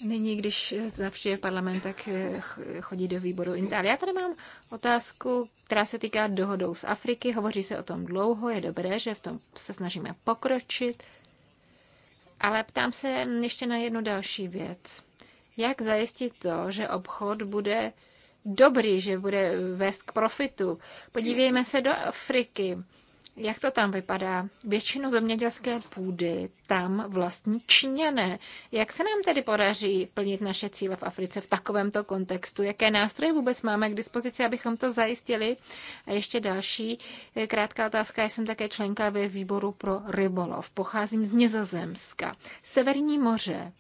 Nyní, když zavštěje parlament, tak eh, chodí do výboru Intel. Já tady mám otázku, která se týká dohodou z Afriky. Hovoří se o tom dlouho, je dobré, že v tom se snažíme pokročit. Ale ptám se ještě na jednu další věc. Jak zajistit to, že obchod bude dobrý, že bude vést k profitu? Podívejme se do Afriky jak to tam vypadá? Většinu zemědělské půdy tam vlastní Číňané. Jak se nám tedy podaří plnit naše cíle v Africe v takovémto kontextu? Jaké nástroje vůbec máme k dispozici, abychom to zajistili? A ještě další eh, krátká otázka. Já jsem také členka ve výboru pro rybolov. Pocházím z Nizozemska. Severní moře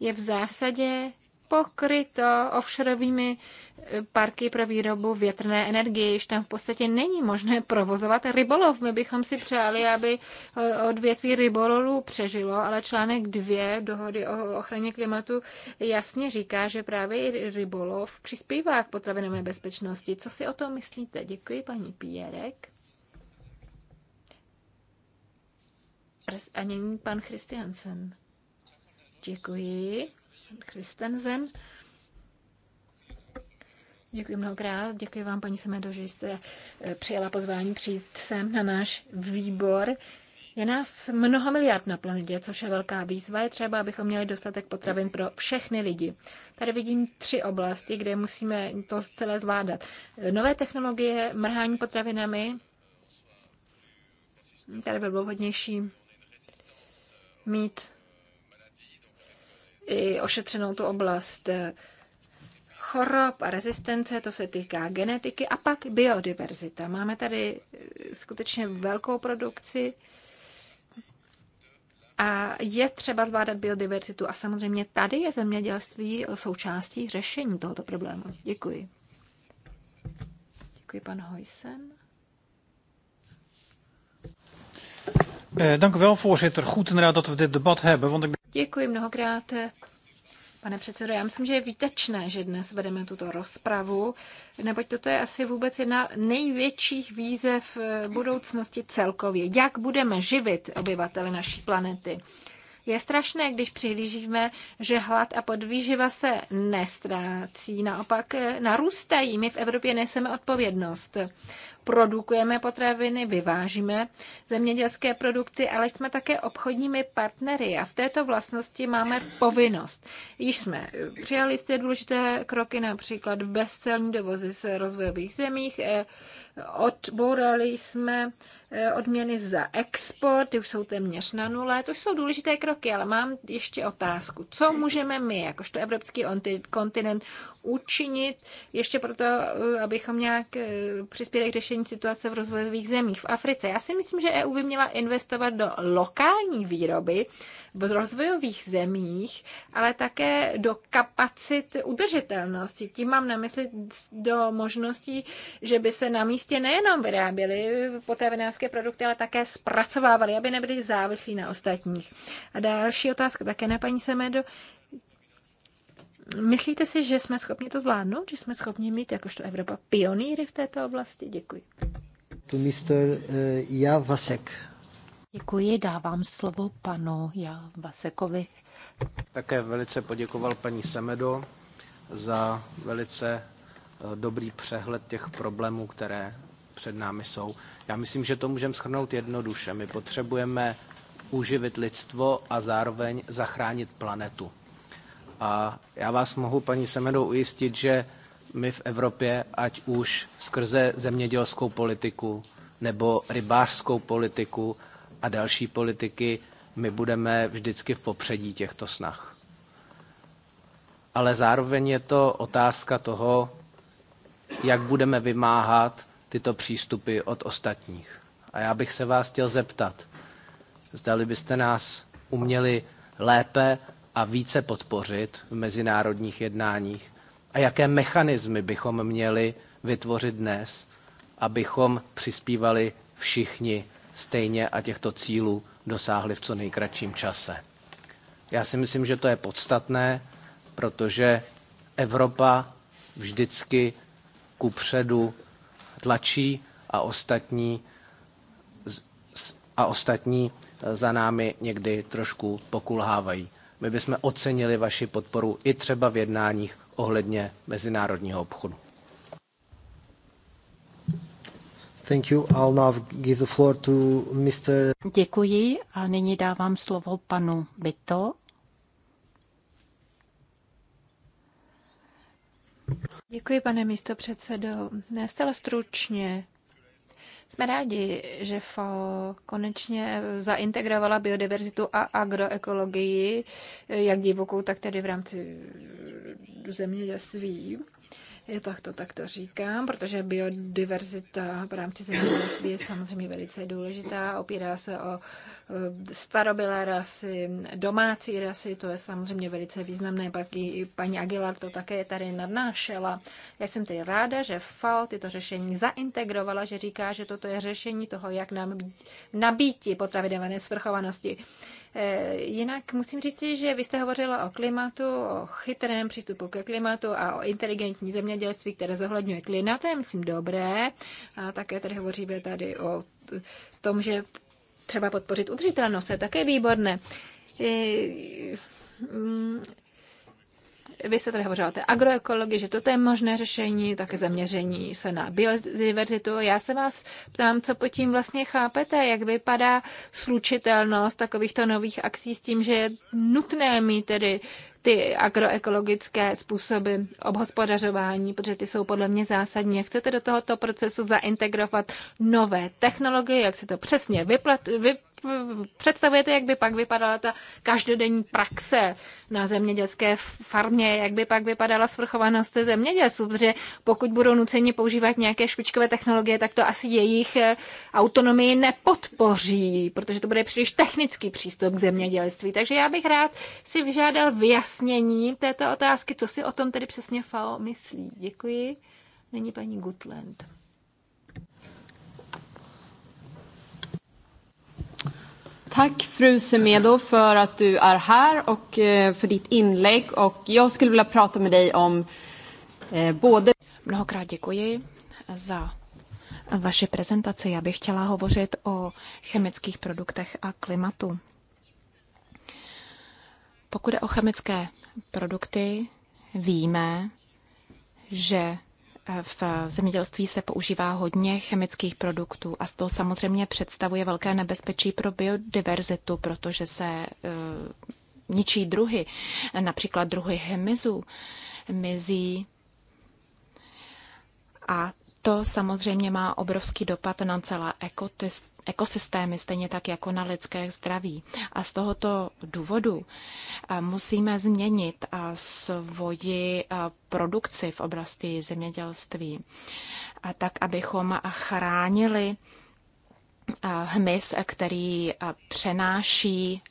je v zásadě pokryto offshoreovými eh, parky pro výrobu větrné energie, již tam v podstatě není možné provozovat rybolov. My bychom si přáli, aby eh, odvětví rybolovu přežilo, ale článek 2 dohody o ochraně klimatu jasně říká, že právě i rybolov přispívá k potravinové bezpečnosti. Co si o tom myslíte? Děkuji, paní Pírek. A nyní pan Christiansen. Děkuji. Christensen. Děkuji mnohokrát, děkuji vám, paní Semedo, že jste eh, přijela pozvání přijít sem na náš výbor. Je nás mnoho miliard na planetě, což je velká výzva. Je třeba, abychom měli dostatek potravin pro všechny lidi. Tady vidím tři oblasti, kde musíme to celé zvládat. Nové technologie, mrhání potravinami, tady by bylo vhodnější mít i ošetřenou tu oblast eh, chorob a rezistence, to se týká genetiky a pak biodiverzita. Máme tady eh, skutečně velkou produkci a je třeba zvládat biodiverzitu a samozřejmě tady je zemědělství součástí řešení tohoto problému. Děkuji. Děkuji pan Hojsen. Děkuji mnohokrát, eh, pane předsedo. Já myslím, že je výtečné, že dnes vedeme tuto rozpravu, neboť toto je asi vůbec jedna největších výzev eh, budoucnosti celkově. Jak budeme živit obyvatele naší planety? Je strašné, když přihlížíme, že hlad a podvýživa se nestrácí, naopak eh, narůstají. My v Evropě neseme odpovědnost produkujeme potraviny, vyvážíme zemědělské produkty, ale jsme také obchodními partnery a v této vlastnosti máme povinnost. Již jsme přijali jste důležité kroky, například bezcelní dovozy z rozvojových zemích, eh, Odbourali jsme eh, odměny za export, ty už jsou téměř na nule. To jsou důležité kroky, ale mám ještě otázku. Co můžeme my, jakožto evropský kontinent, učinit ještě proto, eh, abychom nějak eh, přispěli k řešení situace v rozvojových zemích v Africe? Já si myslím, že EU by měla investovat do lokální výroby v rozvojových zemích, ale také do kapacit udržitelnosti. Tím mám na mysli do možností, že by se na místě místě nejenom vyráběli potravinářské produkty, ale také zpracovávali, aby nebyli závislí na ostatních. A další otázka také na paní Semedo. Myslíte si, že jsme schopni to zvládnout? Že jsme schopni mít jakožto Evropa pionýry v této oblasti? Děkuji. To mistr eh, Já Vasek. Děkuji, dávám slovo panu Já Vasekovi. Také velice poděkoval paní Semedo za velice Eh, dobrý přehled těch problémů, které před námi jsou. Já myslím, že to můžeme schrnout jednoduše. My potřebujeme uživit lidstvo a zároveň zachránit planetu. A já vás mohu, paní Semedou, ujistit, že my v Evropě, ať už skrze zemědělskou politiku nebo rybářskou politiku a další politiky, my budeme vždycky v popředí těchto snah. Ale zároveň je to otázka toho, jak budeme vymáhat tyto přístupy od ostatních. A já bych se vás chtěl zeptat, zdali byste nás uměli lépe a více podpořit v mezinárodních jednáních a jaké mechanismy bychom měli vytvořit dnes, abychom přispívali všichni stejně a těchto cílů dosáhli v co nejkratším čase. Já si myslím, že to je podstatné, protože Evropa vždycky ku předu tlačí a ostatní, a ostatní e, za námi někdy trošku pokulhávají. My bychom ocenili vaši podporu i třeba v jednáních ohledně mezinárodního obchodu. Thank you. I'll now give the floor to Mr. Děkuji a nyní dávám slovo panu Bito. Děkuji, pane místo předsedo. Nestalo stručně. Jsme rádi, že FO konečně zaintegrovala biodiverzitu a agroekologii, jak divokou, tak tedy v rámci zemědělství. Je to, to takto říkám, protože biodiverzita v rámci zemědělství je samozřejmě velice důležitá. Opírá se o eh, starobylé rasy, domácí rasy, to je samozřejmě velice významné. Pak i paní Aguilar to také tady nadnášela. Já jsem tedy ráda, že FAO tyto řešení zaintegrovala, že říká, že toto je řešení toho, jak nám být, nabíti potravinové svrchovanosti. Eh, jinak musím říct, že vy jste hovořila o klimatu, o chytrém přístupu ke klimatu a o inteligentní zemědělství, které zohledňuje klima. To je, myslím, dobré. A také tady hovoříme tady o tom, že třeba podpořit udržitelnost, to je také výborné eh, mm, vy jste tady hovořila o té agroekologii, že toto je možné řešení, také zaměření se na biodiverzitu. Já se vás ptám, co pod tím vlastně chápete, jak vypadá slučitelnost takovýchto nových akcí s tím, že je nutné mít tedy ty agroekologické způsoby obhospodařování, protože ty jsou podle mě zásadní. Jak chcete do tohoto procesu zaintegrovat nové technologie, jak se to přesně vyplat, vy, představujete, jak by pak vypadala ta každodenní praxe na zemědělské farmě, jak by pak vypadala svrchovanost zemědělců, protože pokud budou nuceni používat nějaké špičkové technologie, tak to asi jejich eh, autonomii nepodpoří, protože to bude příliš technický přístup k zemědělství. Takže já bych rád si vyžádal vyjasnění této otázky, co si o tom tedy přesně FAO myslí. Děkuji. Není paní Gutland. Tack fru Semedo för att du är här och eh, för ditt inlägg. Och jag skulle vilja prata med dig om eh, både... Mnohokrát děkuji za vaši prezentaci. Já bych chtěla hovořit o chemických produktech a klimatu. Pokud je o chemické produkty, víme, že v zemědělství se používá hodně chemických produktů a to samozřejmě představuje velké nebezpečí pro biodiverzitu, protože se eh, ničí druhy, například druhy hmyzu, mizí. A to samozřejmě má obrovský dopad na celé ekosystémy, stejně tak jako na lidské zdraví. A z tohoto důvodu eh, musíme změnit eh, svoji eh, produkci v oblasti zemědělství, a tak abychom chránili hmyz, který přenáší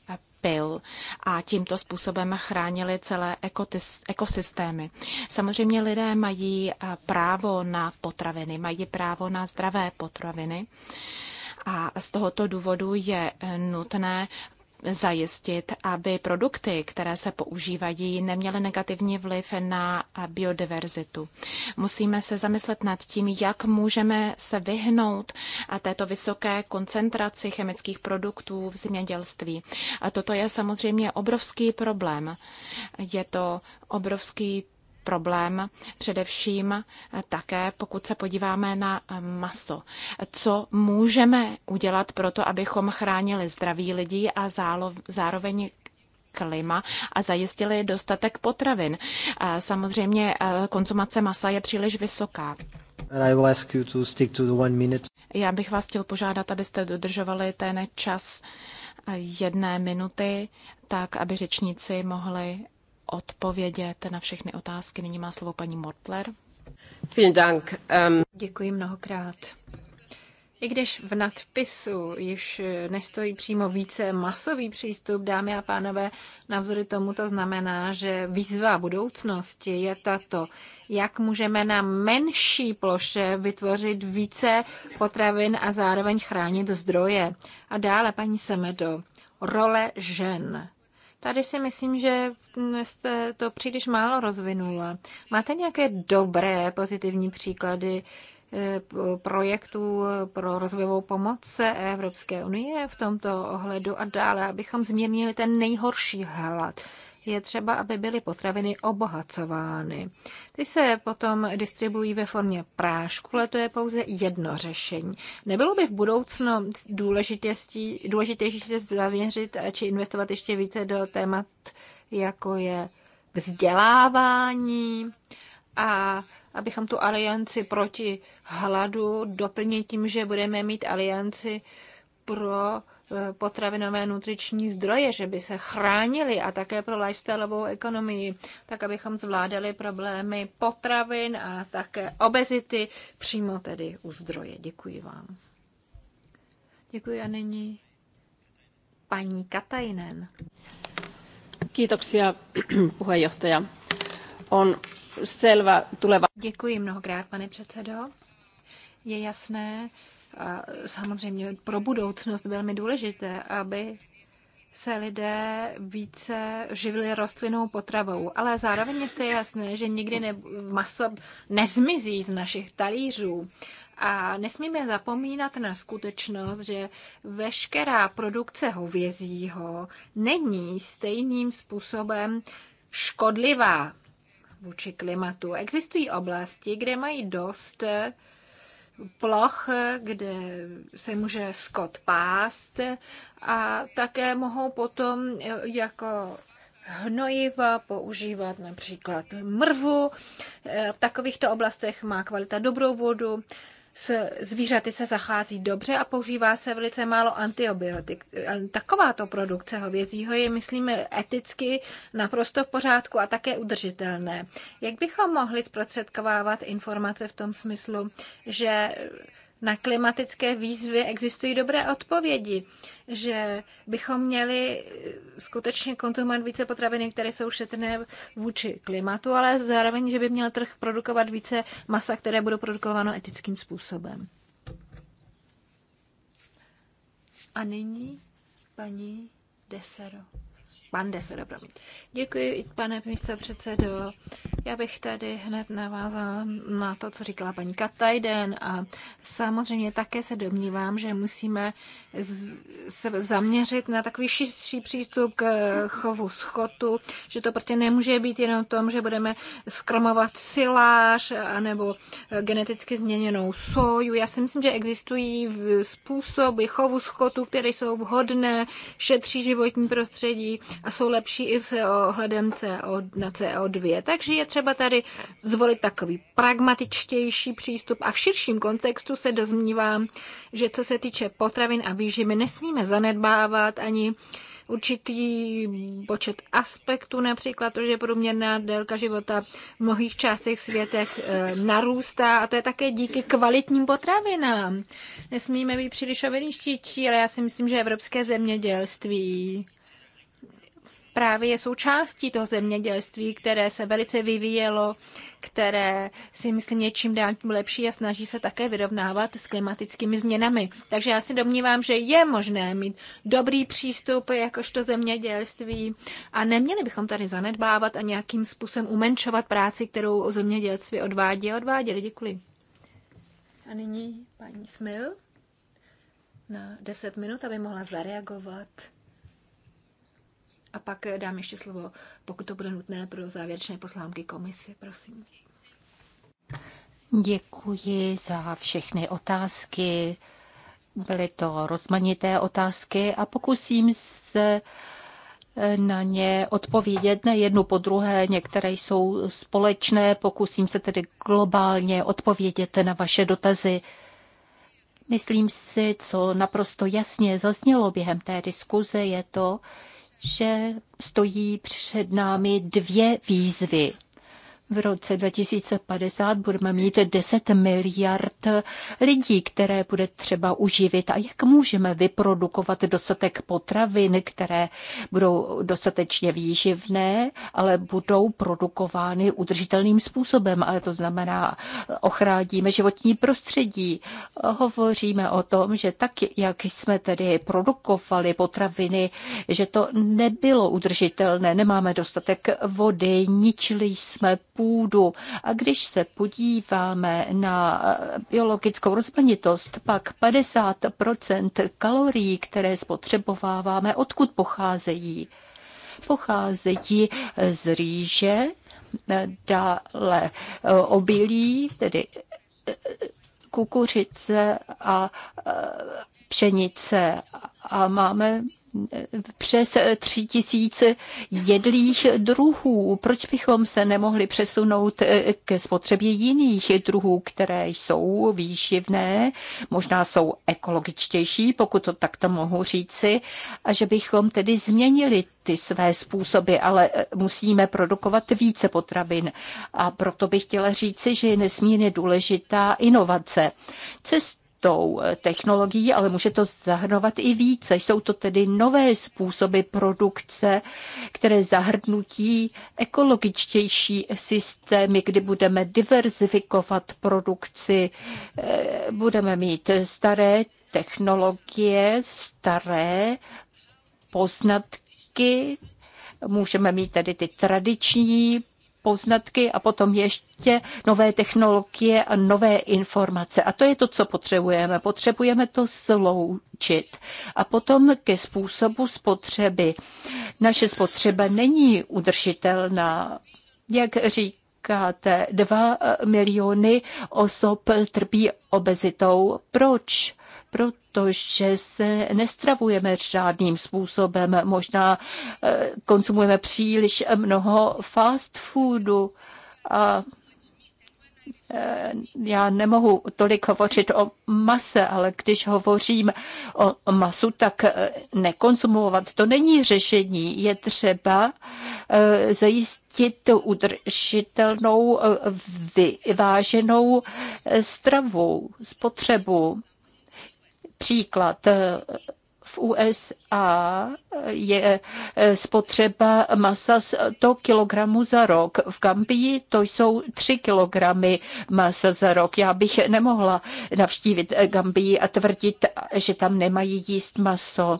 pil a tímto způsobem chránili celé ekosystémy. Samozřejmě lidé mají právo na potraviny, mají právo na zdravé potraviny a z tohoto důvodu je eh, nutné zajistit, aby produkty, které se používají, neměly negativní vliv na biodiverzitu. Musíme se zamyslet nad tím, jak můžeme se vyhnout a této vysoké koncentraci chemických produktů v zemědělství. A toto je samozřejmě obrovský problém. Je to obrovský problém především eh, také, pokud se podíváme na eh, maso. Co můžeme udělat pro to, abychom chránili zdraví lidí a zároveň klima a zajistili dostatek potravin. Eh, samozřejmě konzumace masa je příliš vysoká. Já bych vás chtěl požádat, abyste dodržovali ten čas jedné minuty, tak aby řečníci mohli odpovědět na všechny otázky. Nyní má slovo paní Mortler. Vielen Dank. Um... Děkuji mnohokrát. I když v nadpisu již eh, nestojí přímo více masový přístup, dámy a pánové, navzory tomu to znamená, že výzva budoucnosti je tato, jak můžeme na menší ploše vytvořit více potravin a zároveň chránit zdroje. A dále, paní Semedo, role žen Tady si myslím, že jste to příliš málo rozvinula. Máte nějaké dobré pozitivní příklady eh, projektů pro rozvojovou pomoc Evropské unie v tomto ohledu a dále, abychom zmírnili ten nejhorší hlad, je třeba, aby byly potraviny obohacovány. Ty se potom distribuují ve formě prášku, ale to je pouze jedno řešení. Nebylo by v budoucnu důležitější, se zavěřit či investovat ještě více do témat, jako je vzdělávání a abychom tu alianci proti hladu doplnili tím, že budeme mít alianci pro potravinové nutriční zdroje, že by se chránili a také pro lifestyleovou ekonomii, tak abychom zvládali problémy potravin a také obezity přímo tedy u zdroje. Děkuji vám. Děkuji a nyní paní Katajnen. Kiitoksia puheenjohtaja. On Selva tuleva... Děkuji mnohokrát, pane předsedo. Je jasné, a samozřejmě pro budoucnost velmi důležité, aby se lidé více živili rostlinnou potravou. Ale zároveň je jasné, že nikdy ne, maso nezmizí z našich talířů. A nesmíme zapomínat na skutečnost, že veškerá produkce hovězího není stejným způsobem škodlivá vůči klimatu. Existují oblasti, kde mají dost ploch, kde se může skot pást a také mohou potom jako hnojiva používat například mrvu. V takovýchto oblastech má kvalita dobrou vodu, s zvířaty se zachází dobře a používá se velice málo antibiotik. Takováto produkce hovězího je, myslím, eticky naprosto v pořádku a také udržitelné. Jak bychom mohli zprostředkovávat informace v tom smyslu, že na klimatické výzvy existují dobré odpovědi, že bychom měli eh, skutečně konzumovat více potravin, které jsou šetrné vůči klimatu, ale zároveň, že by měl trh produkovat více masa, které budou produkováno etickým způsobem. A nyní paní Desero. Pan Desero, promiň. Děkuji, pane místo předsedo. Já bych tady hned navázala na to, co říkala paní Katajden a samozřejmě také se domnívám, že musíme se zaměřit na takový širší přístup k chovu schotu, že to prostě nemůže být jenom tom, že budeme skromovat siláž nebo geneticky změněnou soju. Já si myslím, že existují způsoby chovu skotu, které jsou vhodné, šetří životní prostředí, a jsou lepší i s ohledem CO, na CO2. Takže je třeba tady zvolit takový pragmatičtější přístup a v širším kontextu se dozmívám, že co se týče potravin a výživy, nesmíme zanedbávat ani určitý počet aspektů, například to, že průměrná délka života v mnohých částech světech narůstá a to je také díky kvalitním potravinám. Nesmíme být příliš ovinští, ale já si myslím, že evropské zemědělství právě je součástí toho zemědělství, které se velice vyvíjelo, které si myslím je čím dál tím lepší a snaží se také vyrovnávat s klimatickými změnami. Takže já si domnívám, že je možné mít dobrý přístup jakožto zemědělství a neměli bychom tady zanedbávat a nějakým způsobem umenšovat práci, kterou zemědělství odvádí a odváděli. Děkuji. A nyní paní Smil na 10 minut, aby mohla zareagovat a pak eh, dám ještě slovo, pokud to bude nutné, pro závěrečné poslámky komisi. Prosím. Děkuji za všechny otázky. Byly to rozmanité otázky a pokusím se eh, na ně odpovědět ne jednu po druhé, některé jsou společné, pokusím se tedy globálně odpovědět na vaše dotazy. Myslím si, co naprosto jasně zaznělo během té diskuze, je to, že stojí před námi dvě výzvy v roce 2050 budeme mít 10 miliard lidí, které bude třeba uživit. A jak můžeme vyprodukovat dostatek potravin, které budou dostatečně výživné, ale budou produkovány udržitelným způsobem. Ale to znamená, ochrádíme životní prostředí. Hovoříme o tom, že tak, jak jsme tedy produkovali potraviny, že to nebylo udržitelné. Nemáme dostatek vody, ničili jsme půdu. A když se podíváme na eh, biologickou rozmanitost, pak 50 kalorií, které spotřebováváme, odkud pocházejí? Pocházejí eh, z rýže, eh, dále obilí, tedy kukuřice a pšenice a máme eh, přes eh, tři tisíce jedlých druhů. Proč bychom se nemohli přesunout eh, ke spotřebě jiných druhů, které jsou výživné, možná jsou ekologičtější, pokud to takto mohu říci, a že bychom tedy změnili ty své způsoby, ale musíme produkovat více potravin. A proto bych chtěla říci, že je nesmírně důležitá inovace. Cest tou eh, technologií, ale může to zahrnovat i více. Jsou to tedy nové způsoby produkce, které zahrnutí ekologičtější systémy, kdy budeme diverzifikovat produkci, eh, budeme mít staré technologie, staré poznatky, můžeme mít tedy ty tradiční poznatky a potom ještě nové technologie a nové informace. A to je to, co potřebujeme. Potřebujeme to sloučit. A potom ke způsobu spotřeby. Naše spotřeba není udržitelná. Jak říkáte, dva miliony osob trpí obezitou. Proč? Proč? protože se nestravujeme žádným způsobem. Možná eh, konzumujeme příliš mnoho fast foodu a eh, já nemohu tolik hovořit o mase, ale když hovořím o masu, tak eh, nekonzumovat to není řešení. Je třeba zajistit udržitelnou, vyváženou stravu, spotřebu. Příklad eh, v USA je eh, spotřeba masa 100 kg za rok. V Gambii to jsou 3 kg masa za rok. Já bych nemohla navštívit Gambii a tvrdit, že tam nemají jíst maso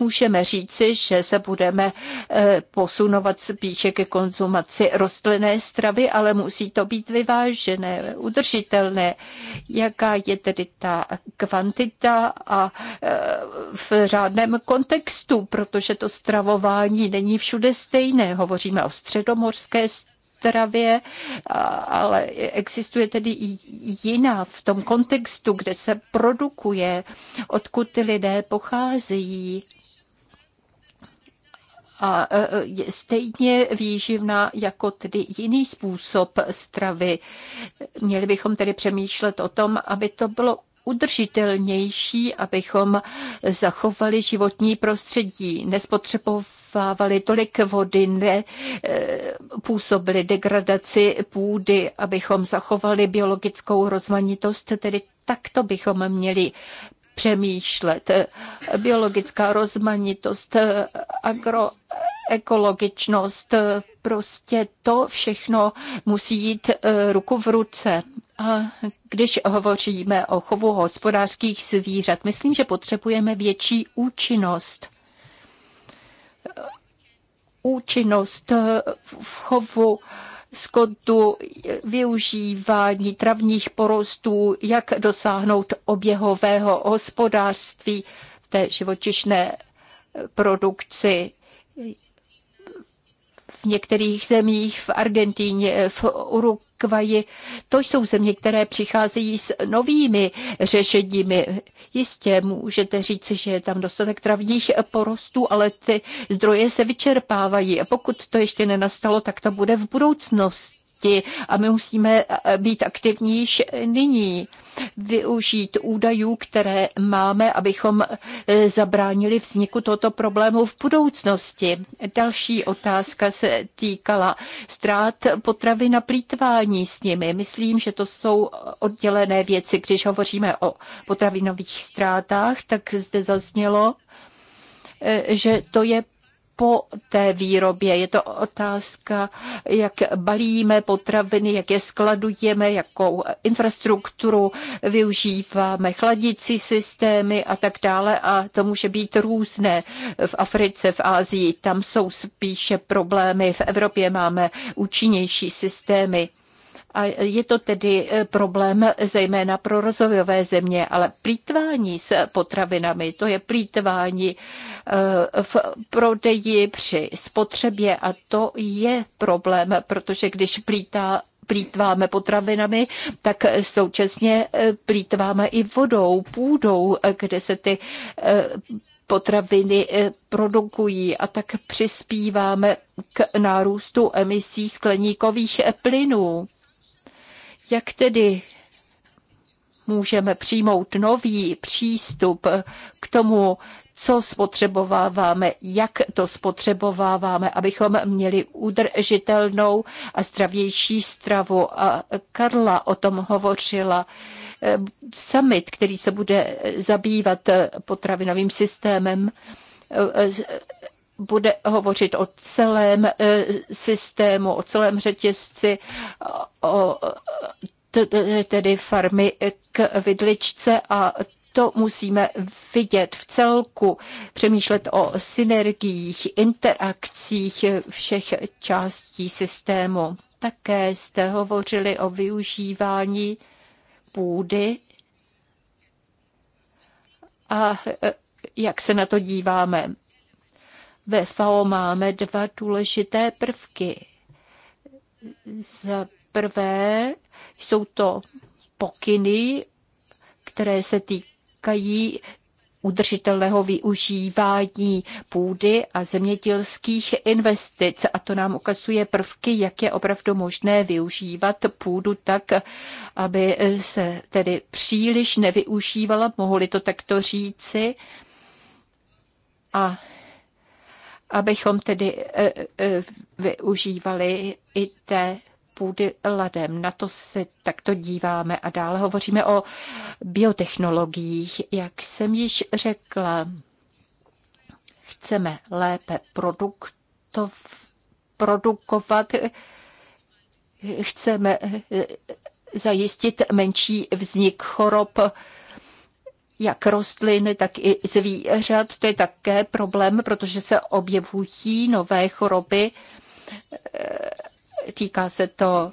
můžeme říci, že se budeme eh, posunovat spíše ke konzumaci rostlinné stravy, ale musí to být vyvážené, udržitelné. Jaká je tedy ta kvantita a eh, v řádném kontextu, protože to stravování není všude stejné. Hovoříme o středomorské stravě, potravě, ale existuje tedy i jiná v tom kontextu, kde se produkuje, odkud ty lidé pocházejí a je e, stejně výživná jako tedy jiný způsob stravy. Měli bychom tedy přemýšlet o tom, aby to bylo udržitelnější, abychom zachovali životní prostředí, nespotřebovali nevyčerpávali tolik vody, ne eh, působili degradaci půdy, abychom zachovali biologickou rozmanitost, tedy takto bychom měli přemýšlet. Biologická rozmanitost, agroekologičnost, prostě to všechno musí jít eh, ruku v ruce. A když hovoříme o chovu hospodářských zvířat, myslím, že potřebujeme větší účinnost účinnost eh, v chovu skotu, využívání travních porostů, jak dosáhnout oběhového hospodářství v té živočišné eh, produkci. V některých zemích, v Argentíně, v Uruguay, Paragvaji. To jsou země, které přicházejí s novými řešeními. Jistě můžete říct, že je tam dostatek travních porostů, ale ty zdroje se vyčerpávají. A pokud to ještě nenastalo, tak to bude v budoucnosti oblasti a my musíme eh, být aktivní již nyní využít údajů, které máme, abychom eh, zabránili vzniku tohoto problému v budoucnosti. Další otázka se týkala ztrát potravy na plítvání s nimi. Myslím, že to jsou oddělené věci. Když hovoříme o potravinových ztrátách, tak zde zaznělo, eh, že to je po té výrobě. Je to otázka, jak balíme potraviny, jak je skladujeme, jakou infrastrukturu využíváme, chladicí systémy a tak dále. A to může být různé v Africe, v Ázii. Tam jsou spíše problémy. V Evropě máme účinnější systémy. A je to tedy e, problém zejména pro rozvojové země, ale plítvání s potravinami, to je plítvání e, v prodeji při spotřebě a to je problém, protože když plítá plítváme potravinami, tak současně e, plítváme i vodou, půdou, kde se ty potraviny produkují a tak přispíváme k nárůstu emisí skleníkových plynů. Jak tedy můžeme přijmout nový přístup k tomu, co spotřebováváme, jak to spotřebováváme, abychom měli udržitelnou a zdravější stravu. A Karla o tom hovořila. Summit, který se bude zabývat potravinovým systémem, bude hovořit o celém e, systému, o celém řetězci, o tedy farmy k vidličce a to musíme vidět v celku, přemýšlet o synergiích, interakcích všech částí systému. Také jste hovořili o využívání půdy a e, jak se na to díváme. Ve FAO máme dva důležité prvky. Za prvé jsou to pokyny, které se týkají udržitelného využívání půdy a zemědělských investic. A to nám ukazuje prvky, jak je opravdu možné využívat půdu tak, aby se tedy příliš nevyužívala, mohli to takto říci. A abychom tedy eh, eh, využívali i té půdy ladem. Na to se takto díváme a dále hovoříme o biotechnologiích. Jak jsem již řekla, chceme lépe produktov, produkovat, chceme eh, zajistit menší vznik chorob, jak rostlin, tak i zvířat. To je také problém, protože se objevují nové choroby. Eh, týká se to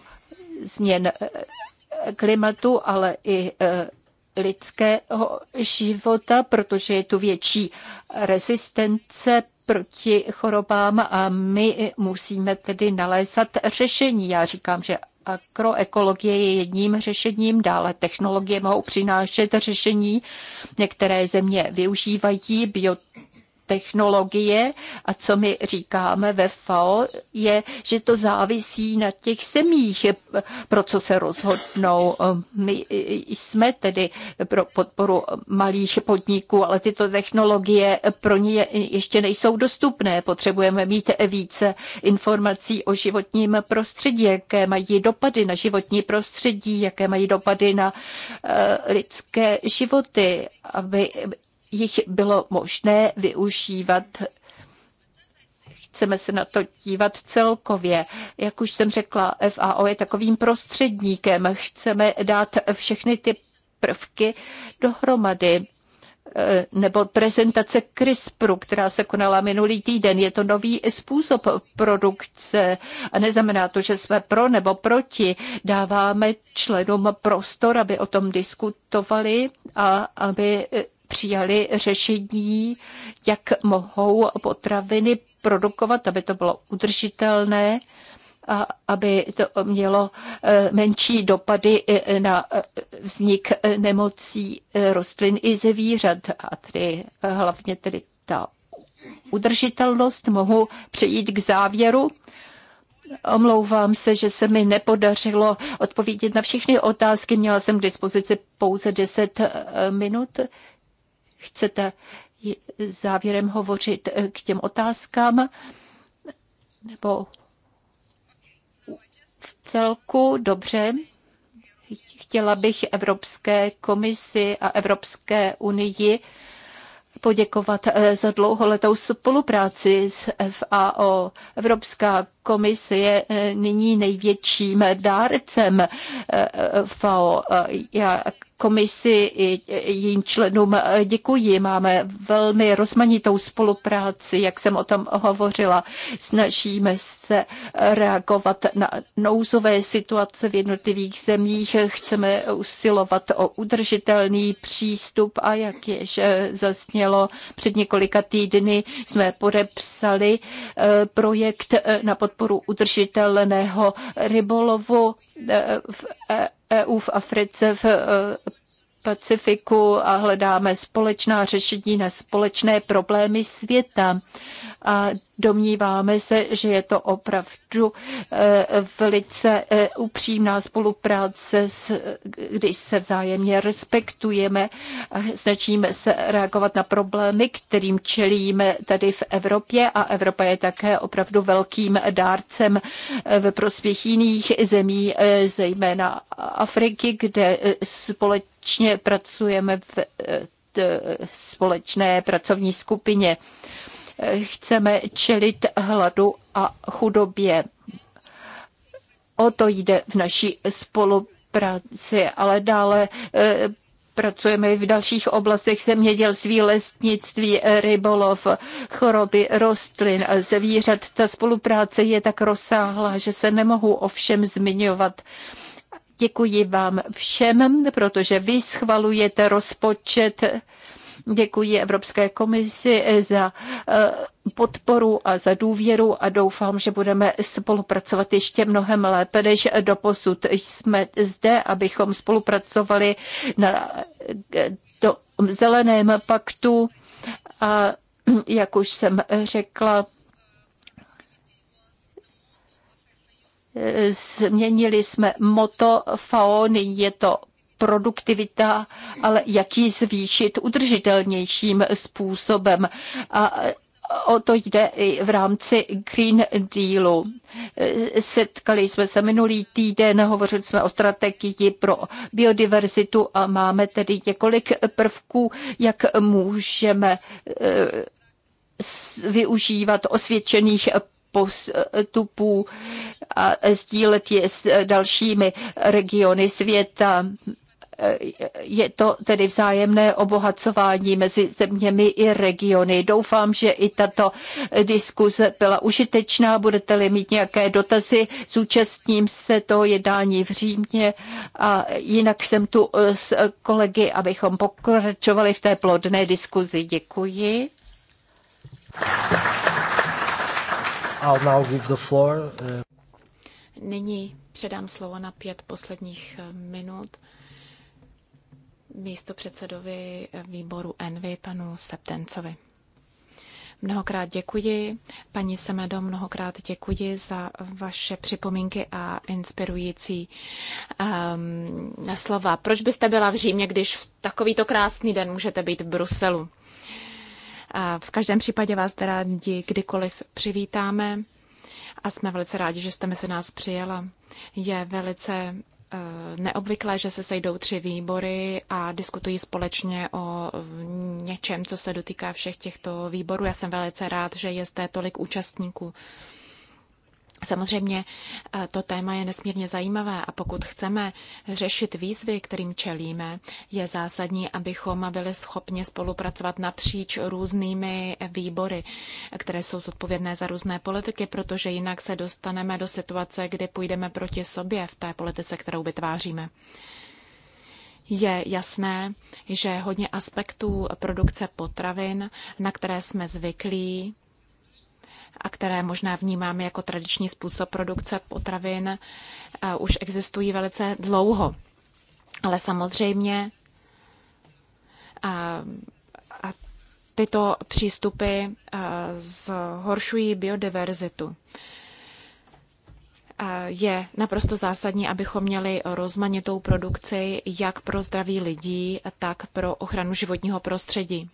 změn eh, klimatu, ale i eh, lidského života, protože je tu větší rezistence proti chorobám a my musíme tedy nalézat řešení. Já říkám, že agroekologie je jedním řešením, dále technologie mohou přinášet řešení. Některé země využívají biotechnologie technologie a co my říkáme ve FAO je, že to závisí na těch semích, pro co se rozhodnou. My jsme tedy pro podporu malých podniků, ale tyto technologie pro ně ještě nejsou dostupné. Potřebujeme mít více informací o životním prostředí, jaké mají dopady na životní prostředí, jaké mají dopady na eh, lidské životy, aby jich bylo možné využívat chceme se na to dívat celkově. Jak už jsem řekla, FAO je takovým prostředníkem. Chceme dát všechny ty prvky dohromady eh, nebo prezentace CRISPRu, která se konala minulý týden. Je to nový způsob produkce a neznamená to, že jsme pro nebo proti. Dáváme členům prostor, aby o tom diskutovali a aby eh, přijali řešení, jak mohou potraviny produkovat, aby to bylo udržitelné a aby to mělo eh, menší dopady eh, na eh, vznik nemocí rostlin i zvířat. A tedy hlavně tedy ta udržitelnost. Mohu přejít k závěru. Omlouvám se, že se mi nepodařilo odpovědět na všechny otázky. Měla jsem k dispozici pouze 10 minut. Chcete závěrem hovořit eh, k těm otázkám nebo v celku dobře? Chtěla bych Evropské komisi a Evropské unii poděkovat eh, za dlouholetou spolupráci s FAO. Evropská komise je eh, nyní největším dárcem eh, eh, FAO. Já komisi i jejím členům děkuji. Máme velmi rozmanitou spolupráci, jak jsem o tom hovořila. Snažíme se reagovat na nouzové situace v jednotlivých zemích. Chceme usilovat o udržitelný přístup a jak jež zasnělo před několika týdny, jsme podepsali projekt na podporu podporu udržitelného rybolovu eh, v EU e v Africe, v eh, Pacifiku a hledáme společná řešení na společné problémy světa a domníváme se, že je to opravdu eh, velice eh, upřímná spolupráce, když se vzájemně respektujeme a snažíme se reagovat na problémy, kterým čelíme tady v Evropě a Evropa je také opravdu velkým dárcem eh, ve prospěch jiných zemí, zejména Afriky, kde společně pracujeme v společné pracovní skupině. Chceme čelit hladu a chudobě. O to jde v naší spolupráci, ale dále eh, pracujeme i v dalších oblastech zemědělství, lesnictví, eh, rybolov, choroby rostlin, eh, zvířat. Ta spolupráce je tak rozsáhlá, že se nemohu ovšem zmiňovat. Děkuji vám všem, protože vy schvalujete rozpočet Děkuji Evropské komisi eh, za eh, podporu a za důvěru a doufám, že budeme spolupracovat ještě mnohem lépe než doposud. Jsme zde, abychom spolupracovali na to eh, zeleném paktu a jak už jsem řekla, změnili jsme moto FAO, je to produktivita, ale jak ji zvýšit udržitelnějším způsobem. A o to jde i v rámci Green Dealu. Setkali jsme se minulý týden, hovořili jsme o strategii pro biodiverzitu a máme tedy několik prvků, jak můžeme eh, využívat osvědčených postupů a sdílet je s dalšími regiony světa. Je to tedy vzájemné obohacování mezi zeměmi i regiony. Doufám, že i tato diskuze byla užitečná. Budete-li mít nějaké dotazy, zúčastním se toho jednání v Římě a jinak jsem tu eh, s kolegy, abychom pokračovali v té plodné diskuzi. Děkuji. I'll now give the floor, uh... Nyní předám slovo na pět posledních eh, minut místo předsedovi výboru Envy, panu Septencovi. Mnohokrát děkuji. Paní Semedo, mnohokrát děkuji za vaše připomínky a inspirující um, slova. Proč byste byla v Římě, když v takovýto krásný den můžete být v Bruselu? A v každém případě vás rádi kdykoliv přivítáme a jsme velice rádi, že jste mezi nás přijela. Je velice Eh, neobvyklé, že se sejdou tři výbory a diskutují společně o eh, něčem, co se dotýká všech těchto výborů. Já jsem velice rád, že je zde tolik účastníků Samozřejmě eh, to téma je nesmírně zajímavé a pokud chceme řešit výzvy, kterým čelíme, je zásadní, abychom byli schopni spolupracovat napříč různými výbory, které jsou zodpovědné za různé politiky, protože jinak se dostaneme do situace, kdy půjdeme proti sobě v té politice, kterou vytváříme. Je jasné, že hodně aspektů produkce potravin, na které jsme zvyklí, a které možná vnímáme jako tradiční způsob produkce potravin, už existují velice dlouho. Ale samozřejmě a, a tyto přístupy zhoršují biodiverzitu. Je naprosto zásadní, abychom měli rozmanitou produkci jak pro zdraví lidí, tak pro ochranu životního prostředí.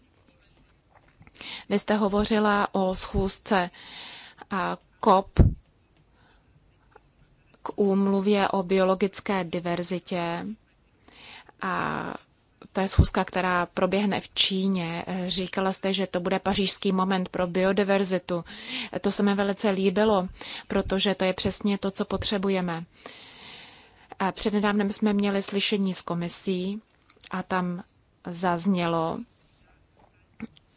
Vy jste hovořila o schůzce COP k úmluvě o biologické diverzitě. A to je schůzka, která proběhne v Číně. Říkala jste, že to bude pařížský moment pro biodiverzitu. To se mi velice líbilo, protože to je přesně to, co potřebujeme. Přednedávnem jsme měli slyšení s komisí a tam zaznělo,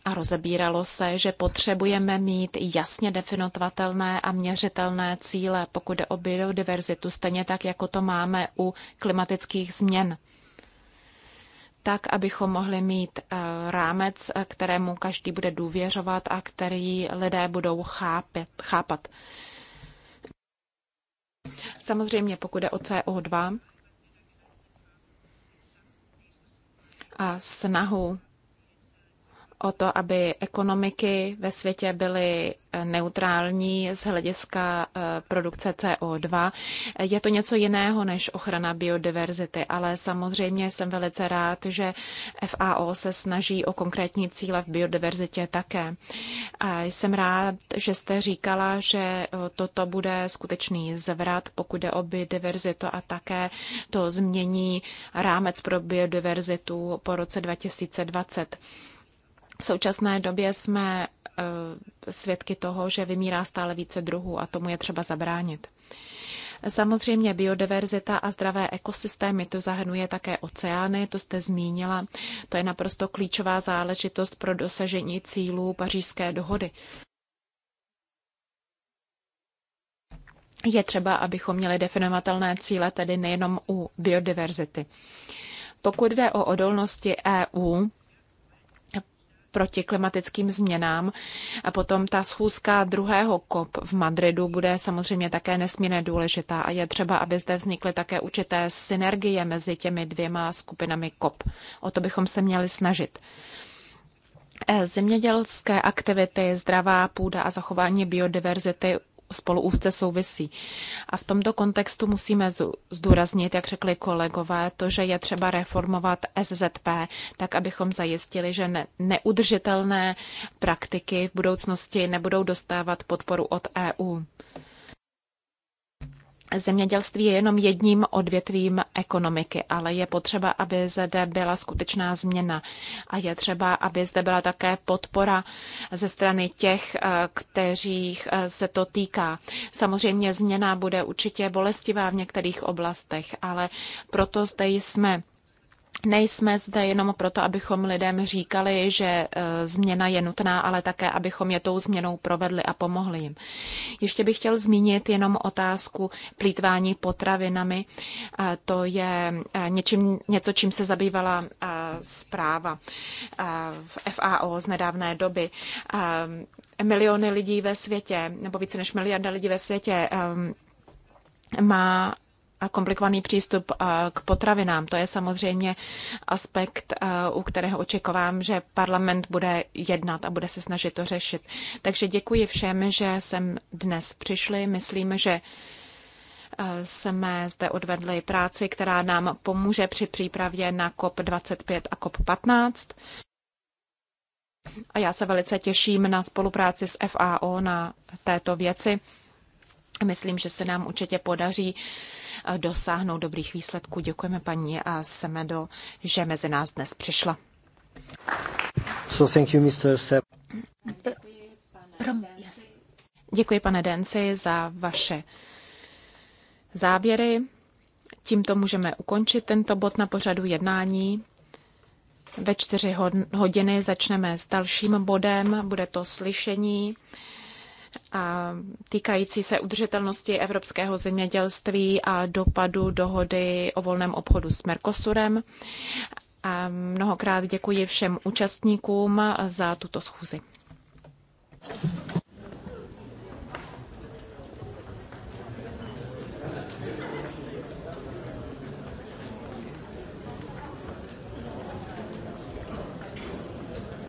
a rozebíralo se, že potřebujeme mít jasně definovatelné a měřitelné cíle, pokud jde o biodiverzitu, stejně tak, jako to máme u klimatických změn. Tak, abychom mohli mít eh, rámec, eh, kterému každý bude důvěřovat a který lidé budou chápet, chápat. Samozřejmě, pokud jde o CO2 a snahu o to, aby ekonomiky ve světě byly eh, neutrální z hlediska eh, produkce CO2. Je to něco jiného než ochrana biodiverzity, ale samozřejmě jsem velice rád, že FAO se snaží o konkrétní cíle v biodiverzitě také. A jsem rád, že jste říkala, že eh, toto bude skutečný zvrat, pokud jde o biodiverzitu a také to změní rámec pro biodiverzitu po roce 2020. V současné době jsme eh, svědky toho, že vymírá stále více druhů a tomu je třeba zabránit. Samozřejmě biodiverzita a zdravé ekosystémy, to zahrnuje také oceány, to jste zmínila. To je naprosto klíčová záležitost pro dosažení cílů pařížské dohody. Je třeba, abychom měli definovatelné cíle tedy nejenom u biodiverzity. Pokud jde o odolnosti EU, proti klimatickým změnám. A potom ta schůzka druhého COP v Madridu bude samozřejmě také nesmírně důležitá a je třeba, aby zde vznikly také určité synergie mezi těmi dvěma skupinami COP. O to bychom se měli snažit. Eh, zemědělské aktivity, zdravá půda a zachování biodiverzity spolu úzce souvisí. A v tomto kontextu musíme zdůraznit, jak řekli kolegové, to, že je třeba reformovat SZP, tak abychom zajistili, že ne, neudržitelné praktiky v budoucnosti nebudou dostávat podporu od EU. Zemědělství je jenom jedním odvětvím ekonomiky, ale je potřeba, aby zde byla skutečná změna a je třeba, aby zde byla také podpora ze strany těch, eh, kteří eh, se to týká. Samozřejmě změna bude určitě bolestivá v některých oblastech, ale proto zde jsme Nejsme zde jenom proto, abychom lidem říkali, že e, změna je nutná, ale také, abychom je tou změnou provedli a pomohli jim. Ještě bych chtěl zmínit jenom otázku plítvání potravinami. E, to je e, něčím, něco, čím se zabývala zpráva v FAO z nedávné doby. Miliony lidí ve světě, nebo více než miliarda lidí ve světě, má a komplikovaný přístup eh, k potravinám. To je samozřejmě aspekt, eh, u kterého očekávám, že parlament bude jednat a bude se snažit to řešit. Takže děkuji všem, že jsem dnes přišli. Myslím, že eh, jsme zde odvedli práci, která nám pomůže při přípravě na COP25 a COP15. A já se velice těším na spolupráci s FAO na této věci. Myslím, že se nám určitě podaří uh, dosáhnout dobrých výsledků. Děkujeme paní Semedo, že mezi nás dnes přišla. So thank you, Mr. Seb. Děkuji, pane Denci. Děkuji, pane Denci, za vaše závěry. Tímto můžeme ukončit tento bod na pořadu jednání. Ve čtyři hodiny začneme s dalším bodem, bude to slyšení týkající se udržitelnosti evropského zemědělství a dopadu dohody o volném obchodu s Mercosurem. A mnohokrát děkuji všem účastníkům za tuto schůzi.